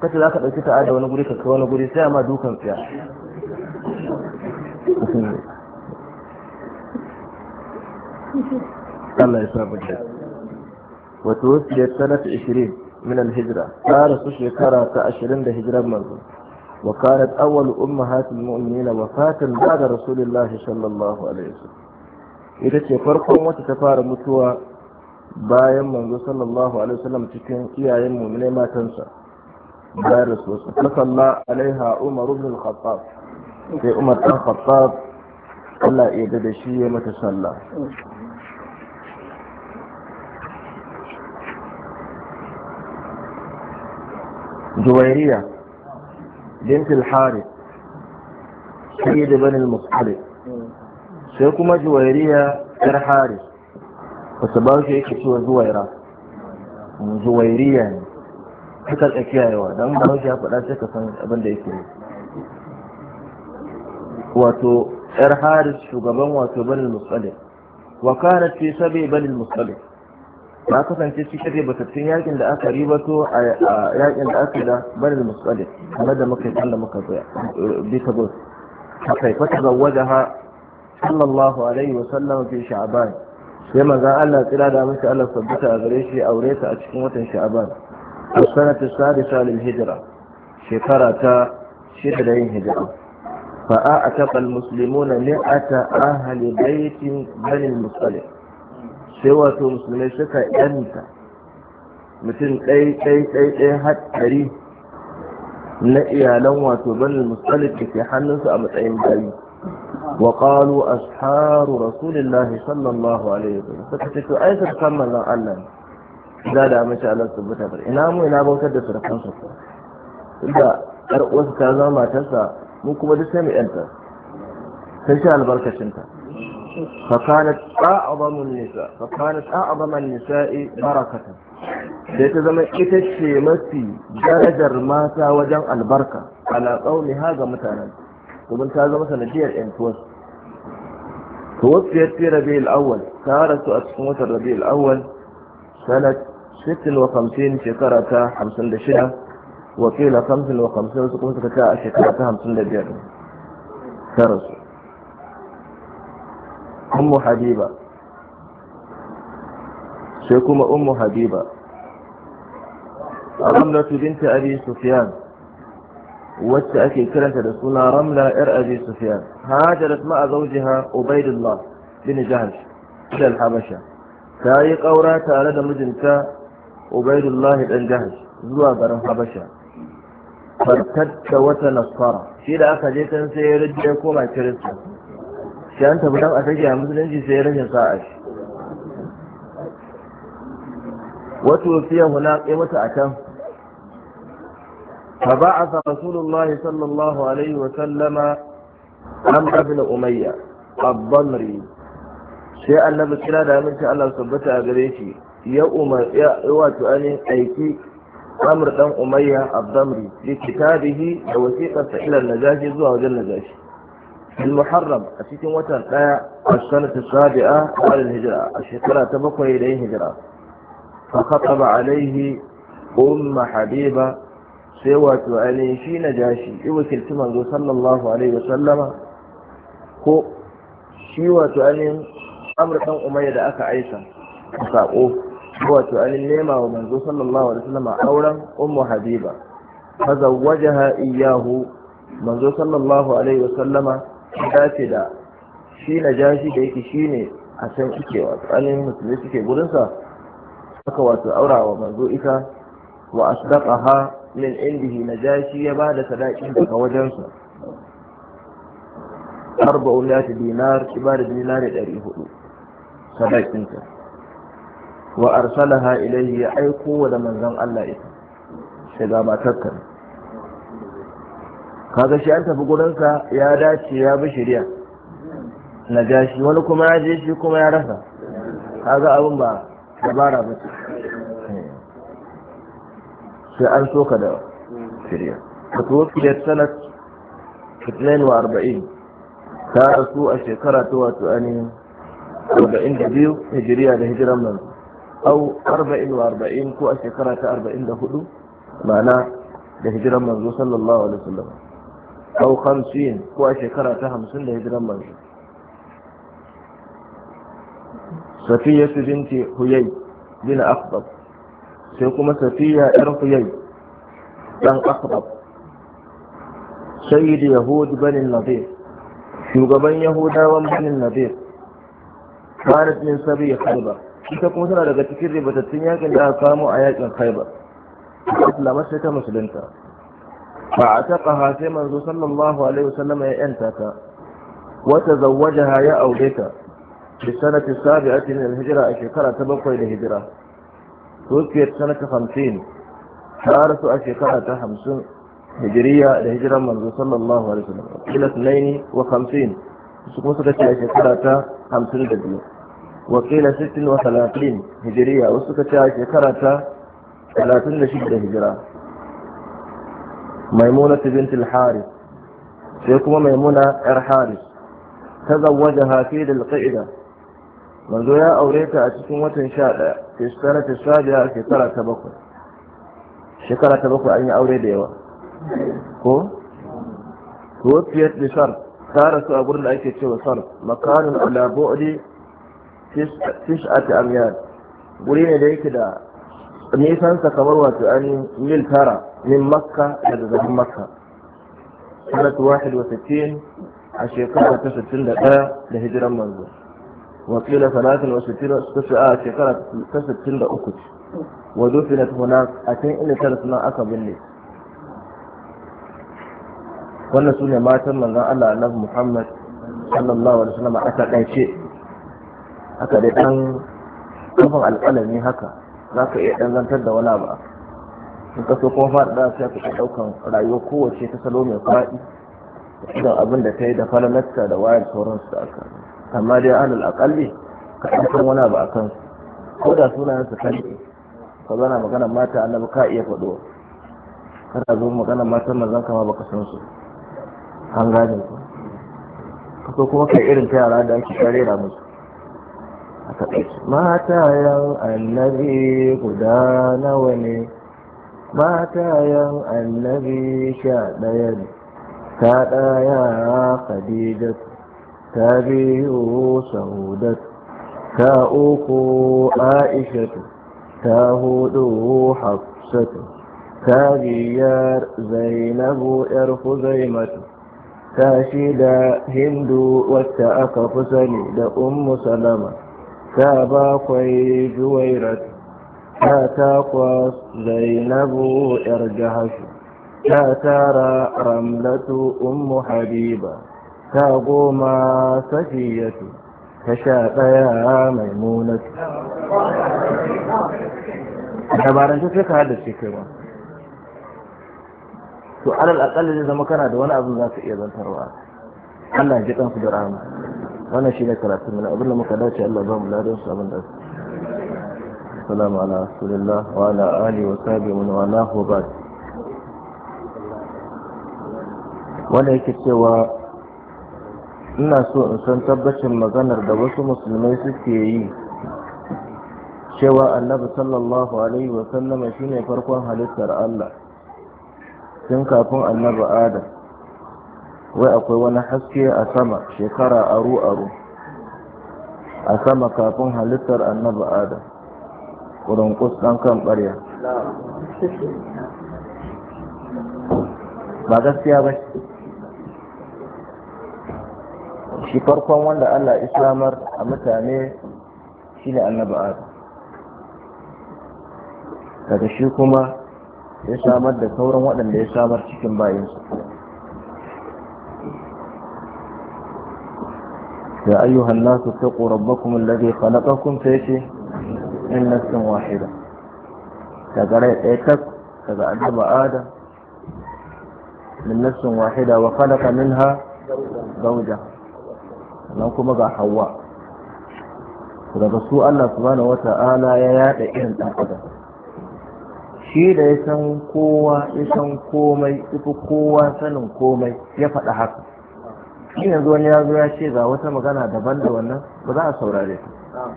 kace za ka ɗauki ta'ada wani guri ka kai wani guri sai amma dukan tsaya Allah ya sa mu وتوفيت سنة عشرين من الهجرة قال سشي كرا كعشرين لهجرة منه وكانت أول أمهات المؤمنين وفاة بعد رسول الله صلى الله عليه وسلم ita ce farkon wata ta fara mutuwa bayan manzo sallallahu alaihi wasallam cikin iyayen mu'minai matansa bayan rasuwarsa ta salla alaiha umar ibn al sai umar dan khattab Allah ya da shi ya mata sallah جويرية بنت الحارث سيد بن المصطلق sai kuma juwairiya yar haris Ba wasu ba shi yake cewa zuwaira zuwairiya ne suka tsakiya yawa don ba shi ya faɗa sai ka san abin da yake wato yar haris shugaban wato banil musalik wa kana fi sabi banil musalik na kasance shi kare batattun yakin da aka ribato a yakin da aka da barin musulun kamar da muka yi da muka tsaya bita gos a kaifa ta zawaja ha sallallahu alaihi wa sallam fi sha'aban sai maza Allah tsira da mashi Allah sabbata a gare shi aure ta a cikin watan sha'aban a sanata Sadi Salim hijira shekara ta shida da yin hijira fa'a a taɓa musulmuna ne a ta ahali baitin barin musulun sai wato musulmai suka yanta mutum ɗai ɗai ɗai ɗai haɗari na iyalan wato banin musalif da ke hannunsu a matsayin bayi wa qalu asharu rasulillahi sallallahu alaihi wasallam suka ce to ai sarkan manzon Allah ne. za da mace Allah tabbata bar ina mu ina bautar da sarkan su tunda ƴar uwarsa ta zama matarsa mu kuma duk sai mu yanta sai shi albarkacinta فكانت أعظم النساء فكانت أعظم النساء بركة sai ta zama ita ce mafi darajar mata wajen albarka ala tsauni ha ga mutanen domin ta zama sanadiyar yantuwar to wasu ya fi rabi al'awwal ta rasu a cikin watan rabi al'awwal sanat 56 shekara ta 56 wakila 55 su kuma ta shekara ta 55 ta rasu ummu habiba sai kuma ummu habiba ramlatu binta abi sufyan wacce ake kiranta da suna ramla yar abi sufyan hajarat ma'a zawjiha ubaidullah bin jahash da al-habasha ta yi kaura tare da mijinta ubaidullah dan jahash zuwa garin habasha fartatta wata nasara shi da aka je can sai ya rage koma kirista sai an tabbatar a sake a musulunci sai rashin sa'a shi wato fiye huna mata a can ba a فبعث رسول sallallahu alaihi wa sallama وسلم da Umayya, أمية ri sai annabi kira da aminci Allah tabbata a gare shi ya umar ya wato ani aiki Amr dan Umayya Abdamri bi kitabihi da wasiqarsa ila Najashi zuwa wajen Najashi المحرم أتيتم وتر السنة السابعة على الهجرة الشكرة تبقى إليه هجرة فخطب عليه أم حبيبة سوى أني شي نجاشي يوكل تمنذ صلى الله عليه وسلم هو شي وتأني أمر كان أمية أكا عيسى فقاقوه هو تأني نيمة ومنذ صلى الله عليه وسلم أولا أم حبيبة فزوجها إياه منذ صلى الله عليه وسلم ya dace da shi na jashi da yake shi ne a can suke wa tsanin musulmi suke gurinsa aka wato aura wa manzo ita wa ha min indihi na jashi ya ba da sadaqin daga wajensa arba'un lati dinar ibada dinari ɗari hudu sadaqinta wa arsalaha ilayhi ya aiko wa da manzon Allah ita shiga matarka kaga shi an tafi gurin sa ya dace ya bi shari'a. na gashi wani kuma ya je shi kuma ya rasa kaga abin ba dabara ba ce sai an so ka da shari'a. shirya fatuwa fiyar sanat fitnain wa arba'in ta rasu a shekara ta wato ani arba'in da biyu hijiriya da hijiran nan au arba'in wa arba'in ko a shekara ta arba'in da hudu ma'ana da hijiran manzo sallallahu alaihi wasallam au hamsin ko a shekara ta hamsin da hijiran manzo safiya su binti huyai bin akhbab sai kuma safiya yar huyai dan akhbab sayyid yahud banin nadir shugaban yahudawan banin nadir kanat min sabi khaybar ita kuma tana daga cikin ribatattun yakin da aka kamo a yakin khaybar Islamar sai ta musulunta ba a taƙaha sai manzo sallallahu alaihi wasallam ya yanta ta wata zawwajaha ya aure ta bi sanati sabi'ati min hijira a shekara ta bakwai da hijira tokiyar sanata hamsin ta rasu a shekara ta hamsin hijiriya da hijiran manzo sallallahu alaihi wasallam kila sunaini wa hamsin su kuma suka a shekara ta hamsin da biyu wa kila sittin wa hijiriya wasu suka ce a shekara ta talatin da hijira maimuna bin tilhari sai kuma maimuna yar haris ta zawaja hafi da alƙa'ida manzo ya aure ta a cikin watan sha ɗaya shekara ta sha biyar shekara ta bakwai shekara ta bakwai an yi aure da yawa ko tuwafiyar da shar ta rasu a gurin da ake cewa shar makarin tish a ta amiyar guri ne da yake da nisansa kamar wato an mil tara min makka daga garin makka sanatu wahid wa sittin a shekara ta sittin da ɗaya da hijiran manzo wakila Sanatin wa sittin ta a shekara ta sittin da uku ce wa dufinat hunak a can inda tara suna aka binne wannan su ne matan manzan Allah annabi Muhammad sallallahu alaihi wasallam aka ɗace aka dai ɗan kafin alƙalami haka za ka iya ɗanzantar da wani abu in ka so kuma da sai ka ɗaukan rayuwar kowace ta salo mai faɗi Idan abin da ta yi da falalarta da wayar sauransu su aka amma dai an aƙalli ka ɗaukan wani abu a kansu ko da sunayen su kan ka zana maganar mata annabi ka iya faɗo kana zo maganar matan mazan kama baka san su an gane ku ka so kuma kai irin ta yara da ake kare musu matayen annabi guda nawa ne matayen annabi sha ɗaya ne ta ɗaya khadijat ta biyu saudat ta uku aishatu ta hudu hafsatu ta biyar zainabu yar huzaimatu ta shida hindu wacce aka fi sani da ummu salama ta bakwai juwairat ta takwas zainabu yar jahashu ta tara ramlatu ummu habiba ta goma safiyatu ta sha ɗaya maimunatu dabarance sai ka haddace kai ba to alal akalli zai zama kana da wani abu za ka iya zantarwa Allah ya ji kansu da rahama wannan shi ne karatu mana abin da muka dace Allah ba mu ladan su abin da salamu ala rasulillah wa ala ali wa sahbihi wa wala wa wanda yake cewa ina so in san tabbacin maganar da wasu musulmai suke yi cewa annabi sallallahu alaihi wa sallama shine farkon halittar Allah tun kafin annabi Adam wai akwai wani haske a sama shekara aru aru a sama kafin halittar annabi adam ƙurin ɗan kan ɓarya ba gaskiya ba shi farkon wanda allah islamar a mutane shi ne annabi adam daga shi kuma ya samar da sauran waɗanda ya samar cikin bayansu يا أيها الناس اتقوا ربكم الذي خلقكم فيشي من نفس واحدة تقرأ إيكك تقعدب آدم من نفس واحدة وخلق منها زوجة لنكم مقع حواء daga الله سبحانه وتعالى يا ta'ala ya yada shi da ya san kowa ya san komai ifi kowa sanin komai ya faɗa haka shi yanzu wani ya zo ya ce ga wata magana daban da wannan ba za a saurare ta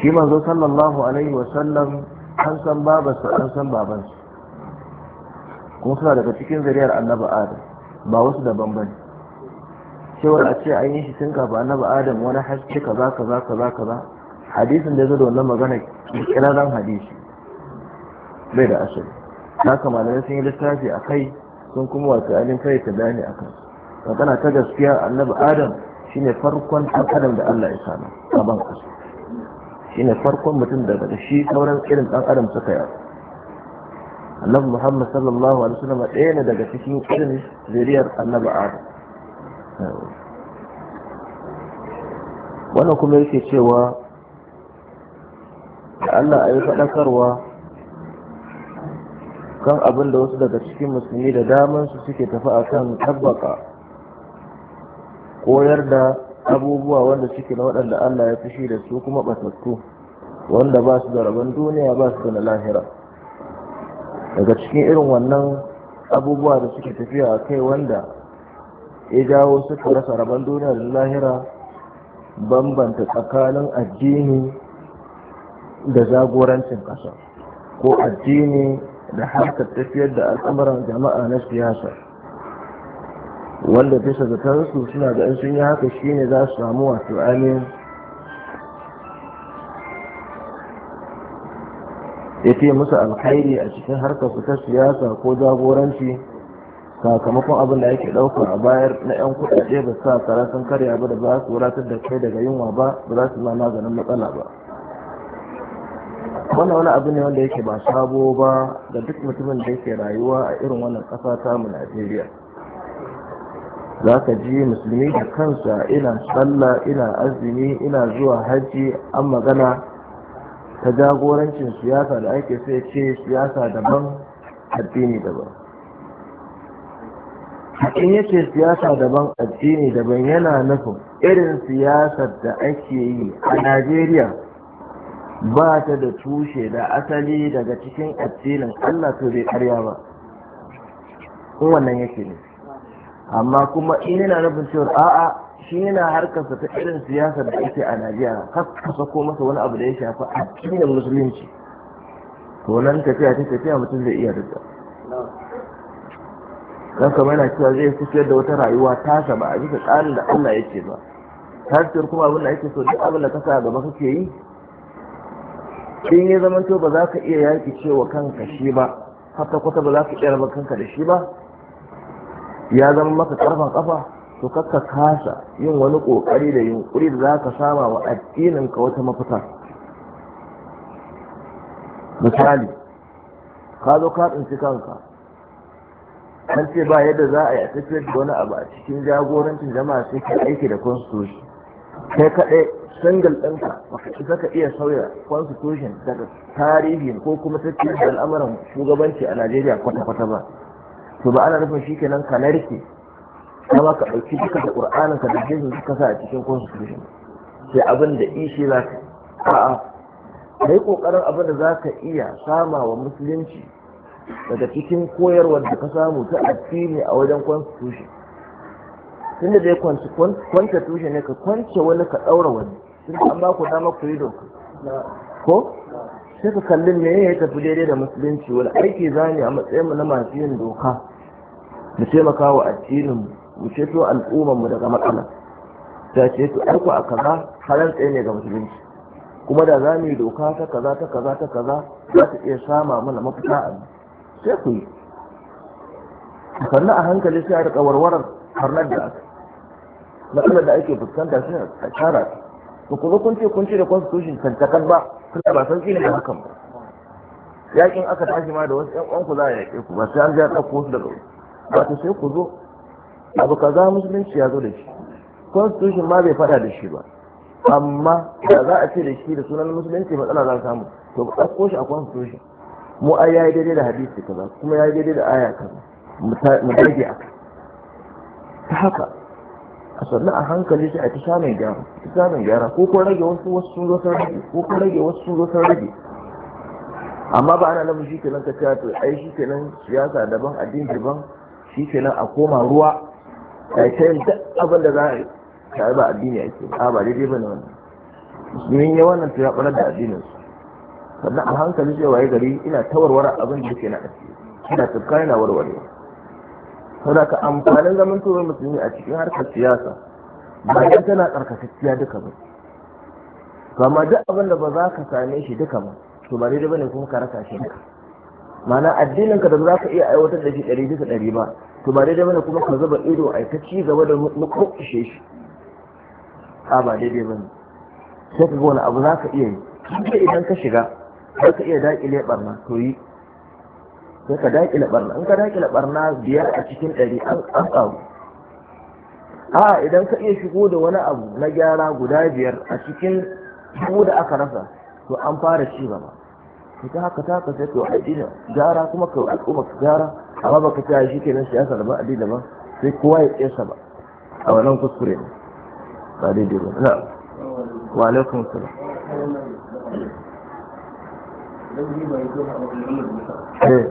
shi manzo sallallahu alaihi sallam an san babansa an san babansa kuma suna daga cikin zariyar annabi adam ba wasu daban bane cewar a ce an yi shi tun kafa annabi adam wani haske kaza kaza kaza kaza hadisin da ya zo da wannan magana kirarren hadisi bai da asali haka malamai sun yi littafi a kai sun kuma wato ainihin kai ta bayani a kan magana ta gaskiya annabi adam shine farkon ɗan adam da Allah ya samu a ban ƙasa shine farkon mutum daga da shi sauran irin ɗan adam suka yi annabi muhammad sallallahu alaihi wasallam ɗaya ne daga cikin irin zuriyar annabi adam wannan kuma yake cewa da Allah a yi faɗakarwa kan abin da wasu daga cikin musulmi da daman su suke tafi a kan tabbaka koyar da abubuwa wanda suke na waɗanda Allah ya fushi da su kuma ɓatattu wanda ba su da rabon duniya ba su da na lahira daga cikin irin wannan abubuwa da suke tafiya a kai wanda ya jawo suka rasa rabon duniya da lahira bambanta tsakanin addini da zagorancin ƙasa ko addini da harkar tafiyar da al'amuran jama'a na siyasa wanda bisa zatarsu suna da in sun yi haka shine za su samu wato ainihin ya ce musu alkhairi a cikin harkar fitar siyasa ko jagoranci sakamakon abin da yake ɗauka a bayar na 'yan kuɗaɗe ba sa kara sun karya ba da ba su wadatar da kai daga yunwa ba ba za su ma maganin matsala ba wannan wani abu ne wanda yake ba sabo ba ga duk mutumin da yake rayuwa a irin wannan kasa ta mu Najeriya za ka ji musulmi da kansa ina sallah ina azumi ina zuwa hajji an magana ta jagorancin siyasa da ake sai ce siyasa daban addini daban in yace siyasa daban addini daban yana nufin irin siyasar da ake yi a najeriya ba ta da tushe da asali daga cikin addinin Allah to bai karya ba in wannan yake ne amma kuma in yana nufin cewa a'a shi yana harkarsa ta irin siyasar da ake a Najeriya ka sako masa wani abu da ya shafi addinin musulunci to nan tafiya ta tafiya mutum zai iya rika don kamar yana cewa zai fitar da wata rayuwa ta saba a bisa tsarin da Allah yake ba tasirin kuma abin da ake so duk abin da ka sa gaba kake yi in ya zamanto ba za ka iya yaki cewa kanka shi ba kwata kwata ba za ka iya raba kanka da shi ba ya zama maka karfan kafa to kakka kasa yin wani kokari da yunkuri da za ka sama wa addinin ka wata mafita misali ka zo ka tsinci kanka an ce ba yadda za a yi a tafiyar da wani abu a cikin jagorancin jama'a sai ka aiki da constitution kai kaɗai single ɗinka baka isa ka iya sauya constitution daga tarihin ko kuma tattalin da al'amuran shugabanci a najeriya kwata-kwata ba to ba ana nufin shi kenan ka narke kama ka ɗauki duka da ƙur'anin ka da jesus suka sa a cikin constitution sai abin da ishi za ka a'a ka yi ƙoƙarin abin da za ka iya sama wa musulunci daga cikin koyarwar da ka samu ta addini a wajen constitution tun da dai kwanci kwanta tushe ne ka kwance wani ka ɗaura wani sun an ba ku dama ku yi ko sai ka kallin me ya tafi daidai da musulunci wani aiki za ne a matsayinmu na masu yin doka mu taimaka wa addininmu mu ceto al'ummarmu daga matsala ta ce to aiko a kaza haran tsaye ne ga musulunci kuma da za mu yi doka ta kaza ta kaza ta kaza za ta iya sama mana mafita a sai ku yi sannan a hankali sai a riƙa warwarar harnar da aka matsalar da ake fuskanta sai a tsara ta ba ku zo kun ce kun ce da constitution tantakan ba tunda ba san ne da hakan ba yakin aka tashi ma da wasu ƴan uwanku za a yaƙe ku ba sai an ja ɗauko su daga ba ta sai ku zo abu kaza musulunci ya zo da shi constitution ma bai faɗa da shi ba amma da za a ce da shi da sunan musulunci matsala za a samu to ku ɗauko shi a constitution mu ai yayi daidai da hadisi kaza kuma yayi daidai da aya kaza mu dage a ta haka a sannan a hankali sai a ta mai gyara ta samun gyara ko ko rage wasu wasu sun zo rage ko ko rage wasu sun zo rage amma ba ana ke nan ka cewa to ai nan siyasa daban addini daban nan a koma ruwa a ta yin duk abin da za a yi ta ba addini ake a ba daidai ba ne wannan musulmin ya wannan ta ya da addinin su sannan a hankali sai waye gari ina tawarwara abin da ke na addini ina tafka na warwarewa saboda amfanin zaman tuwar musulmi a cikin harkar siyasa ba ya tana tsarkakakkiya duka ba to amma duk abin da ba za ka same shi duka ba to ba daidai bane kuma ka rasa shi duka ma'ana addinin ka da za ka iya aiwatar da shi ɗari bisa ɗari ba to ba daidai bane kuma ka zuba ido a ta ci gaba da mukushe shi a ba daidai bane sai ka ga wani abu za ka iya yi idan ka shiga za ka iya daƙile ɓarna to yi sai ka daƙila barna in ka daƙila barna biyar a cikin ɗari an abu. a idan ka iya shigo da wani abu na gyara guda biyar a cikin dubu da aka rasa to an fara ci gaba ka haka ta haka sai ka da gyara kuma ka al'umma ka gyara amma ka ta shi ke nan siyasa da ba addini ba sai kowa ya tsesa ba a wannan kuskure ne ba daidai ba na wa alaikum salam eh.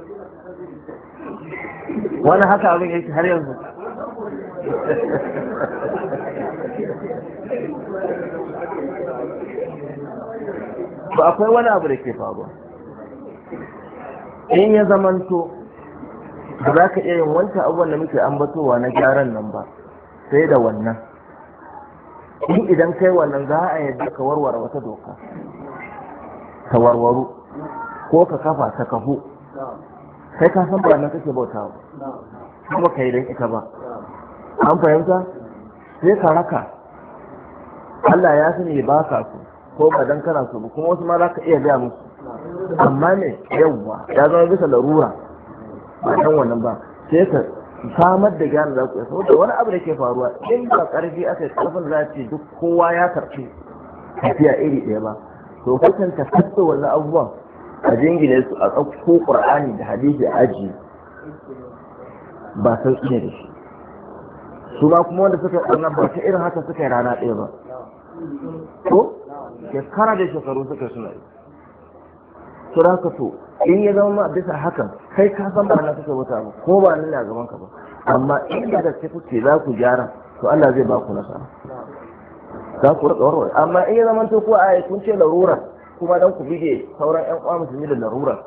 wani haka abin yake har yanzu ba akwai wani abu da ke faruwa in ya zamanto ba za ka iya yin wancan abubuwan da muke ambatowa na gyaran nan ba sai da wannan in idan kai wannan za a yadda ka warware wata doka Ta warwaru ko ka kafa ta kafu kai ka san ba nan kake bauta ba kuma kai don ita ba an fahimta sai ka raka Allah ya sani ba ka su ko ba dan kana so kuma wasu ma za ka iya gaya musu amma ne yawwa ya zama bisa larura ba dan wannan ba sai ka samar da gyara za ku yi saboda wani abu da ke faruwa in ba karfi aka yi karfin za ce duk kowa ya karfi tafiya iri ɗaya ba to kwatanta kasta wannan abubuwan a jingine su a tsakko ƙur'ani da hadisi aji ba sauƙi ne da shi su ma kuma wanda suka yi ba ta irin haka suka yi rana ɗaya ba ko shekara da shekaru suka suna yi su haka to in ya zama ma bisa hakan kai ka san ba na suka wuta ba ko ba nuna gaban ka ba amma in da gaske kuke za ku gyara to Allah zai ba ku nasara za ku rika warware amma in ya zama to ko a kun ce larura kuma dan ku bige sauran ƴan uwa musulmi da larura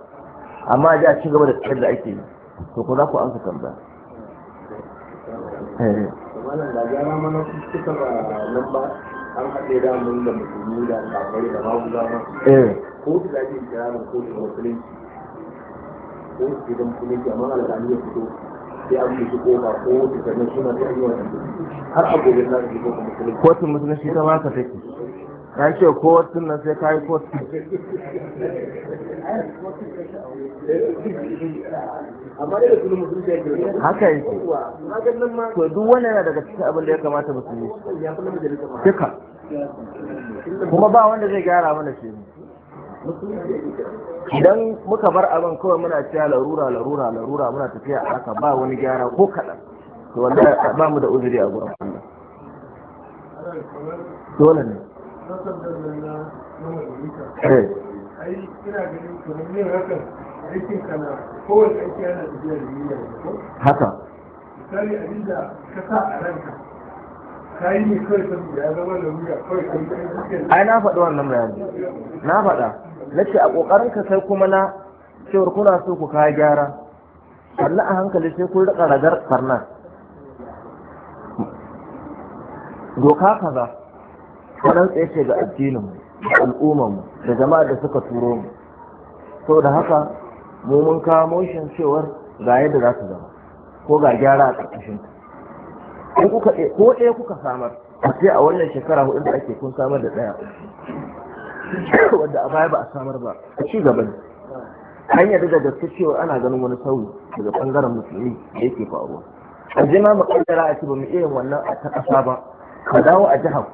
amma ji a ci gaba da tsayar da ake yi to ko za ku amsa tambaya eh. wannan da gyara mana suka ba nan ba an haɗe da mun da musulmi da kafare da babu zama eh. ko su da ake kira da ko su musulmi ko su da musulmi amma alƙalami ya fito sai an musu kofa ko su zama suna da yi wa har abubuwan da su ko musulmi kotun musulmi ta ma ka take ya ce ko wasu nan sai kayi yi kotu haka yi to duk wani yana daga cikin abin da ya kamata ba su yi duka kuma ba wanda zai gyara mana shi idan muka bar abin kawai muna cewa larura larura larura muna tafiya a haka ba wani gyara ko kaɗan to wanda ba mu da uzuri a gurin dole ne haka misali abin da ka sa a ranka ka yi ne kawai saboda ya zama da wuya kawai ka yi ai na faɗi wannan bayani na faɗa na ce a ƙoƙarin ka sai kuma na cewar kuna so ku kawo gyara sannu a hankali sai kun riƙa ragar farnan doka kaza sanan tsaye ce ga addinin da al'umman da jama'a da suka turo mu da haka mu mun kawo motion cewar ga yadda za su zama ko ga gyara a ƙarƙashin kuka ko ɗaya kuka samar sai a wannan shekara hudu da ake kun samar da ɗaya wanda a baya ba a samar ba a ci gaba ne hanyar da gaske cewa ana ganin wani sauyi daga bangaren musulmi da yake faruwa a jima mu kaddara a ce ba mu iya wannan a ta ƙasa ba ka dawo a jihar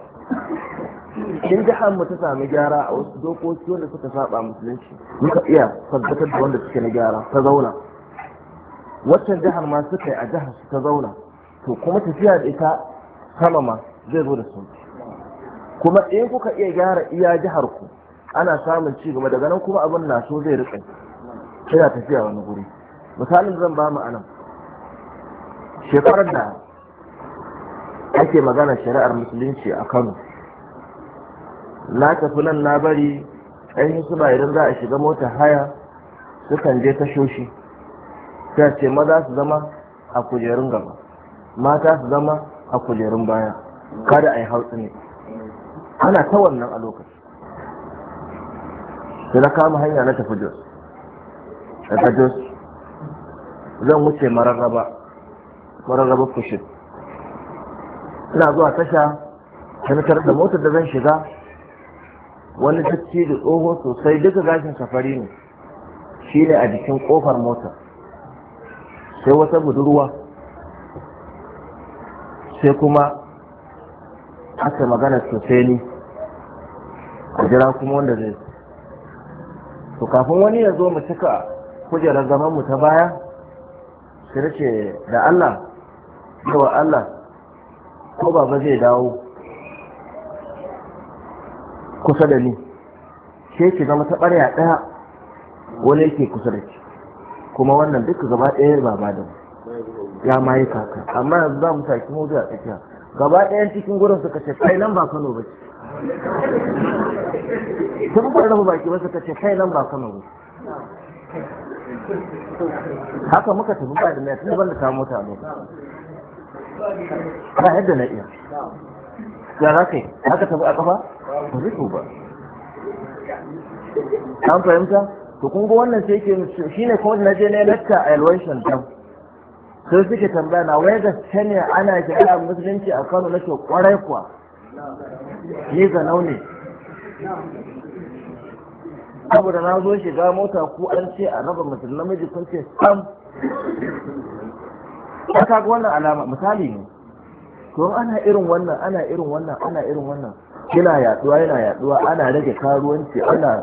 in jihar mu ta sami gyara a wasu dokoki wanda suka saba musulunci muka iya tabbatar da wanda suke na gyara ta zauna waccan jihar ma suka yi a jihar su ta zauna to kuma tafiya da ita sama ma zai zo da su kuma in kuka iya gyara iya jihar ku ana samun ci gaba daga nan kuma abin na so zai rika yana tafiya wani guri misalin zan ba mu anan shekarar da ake magana shari'ar musulunci a kano na tafi nan na bari ɗan suna idan za a shiga mota haya sukan je tashoshi ta ce maza su zama a kujerun gaba mata su zama a kujerun baya kada a yi hautsi ne ana ta wannan a lokaci sai na kama hanya na tafi jos daga jos zan wuce mararraba mararraba kushin. ina zuwa tasha sanatar da motar da zan shiga wani tacci da tsoho sosai duka gashin safari ne shi ne a jikin kofar motar sai wata budurwa sai kuma aka magana sosai ne a jira kuma wanda zai to kafin wani ya zo mu cika kujerar zaman mu ta baya sai ce da Allah yawa Allah ko baba zai dawo kusa da ni sai ki zama ta ɓarya ɗaya wani yake kusa da ki kuma wannan duka gaba ɗaya baba da ya ma yi kaka amma yanzu za mu saki mu a tsakiya gaba ɗayan cikin gurin suka ce kai nan ba kano ba ce sun fara raba baki ba suka ce kai nan ba kano ba haka muka tafi ba da mai tun ban da ta mota a lokacin ba yadda na iya ya za ka yi haka tafi a kafa ba zai ba an fahimta to kun ga wannan sai ke shi ne kuma na je na lakka a yalwar shantan sai suke tambaya na wai gaske ne ana shari'a musulunci a kano na ke kwarai kuwa ni zanau ne saboda na zo shiga mota ko an ce a raba mutum namiji kun ce sam kuma kaga wannan alama misali ne to ana irin wannan ana irin wannan ana irin wannan yana yaduwa yana yaduwa ana rage karuwanci ana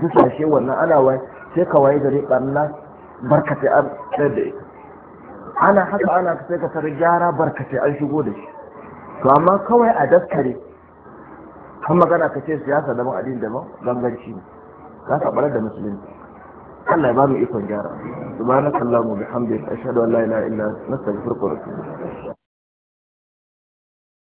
dusashe wannan ana wai sai ka waye gari barna barkatai an da ana haka ana sai ka tarar gyara barkatai an shigo da shi to amma kawai a daskare kan magana ka ce siyasa daban addini daban ganganci ne za ka ɓarar da musulunci Allah ya ba mu ikon gyara subhanakallahumma bihamdika ashhadu an la ilaha illa anta astaghfiruka wa atubu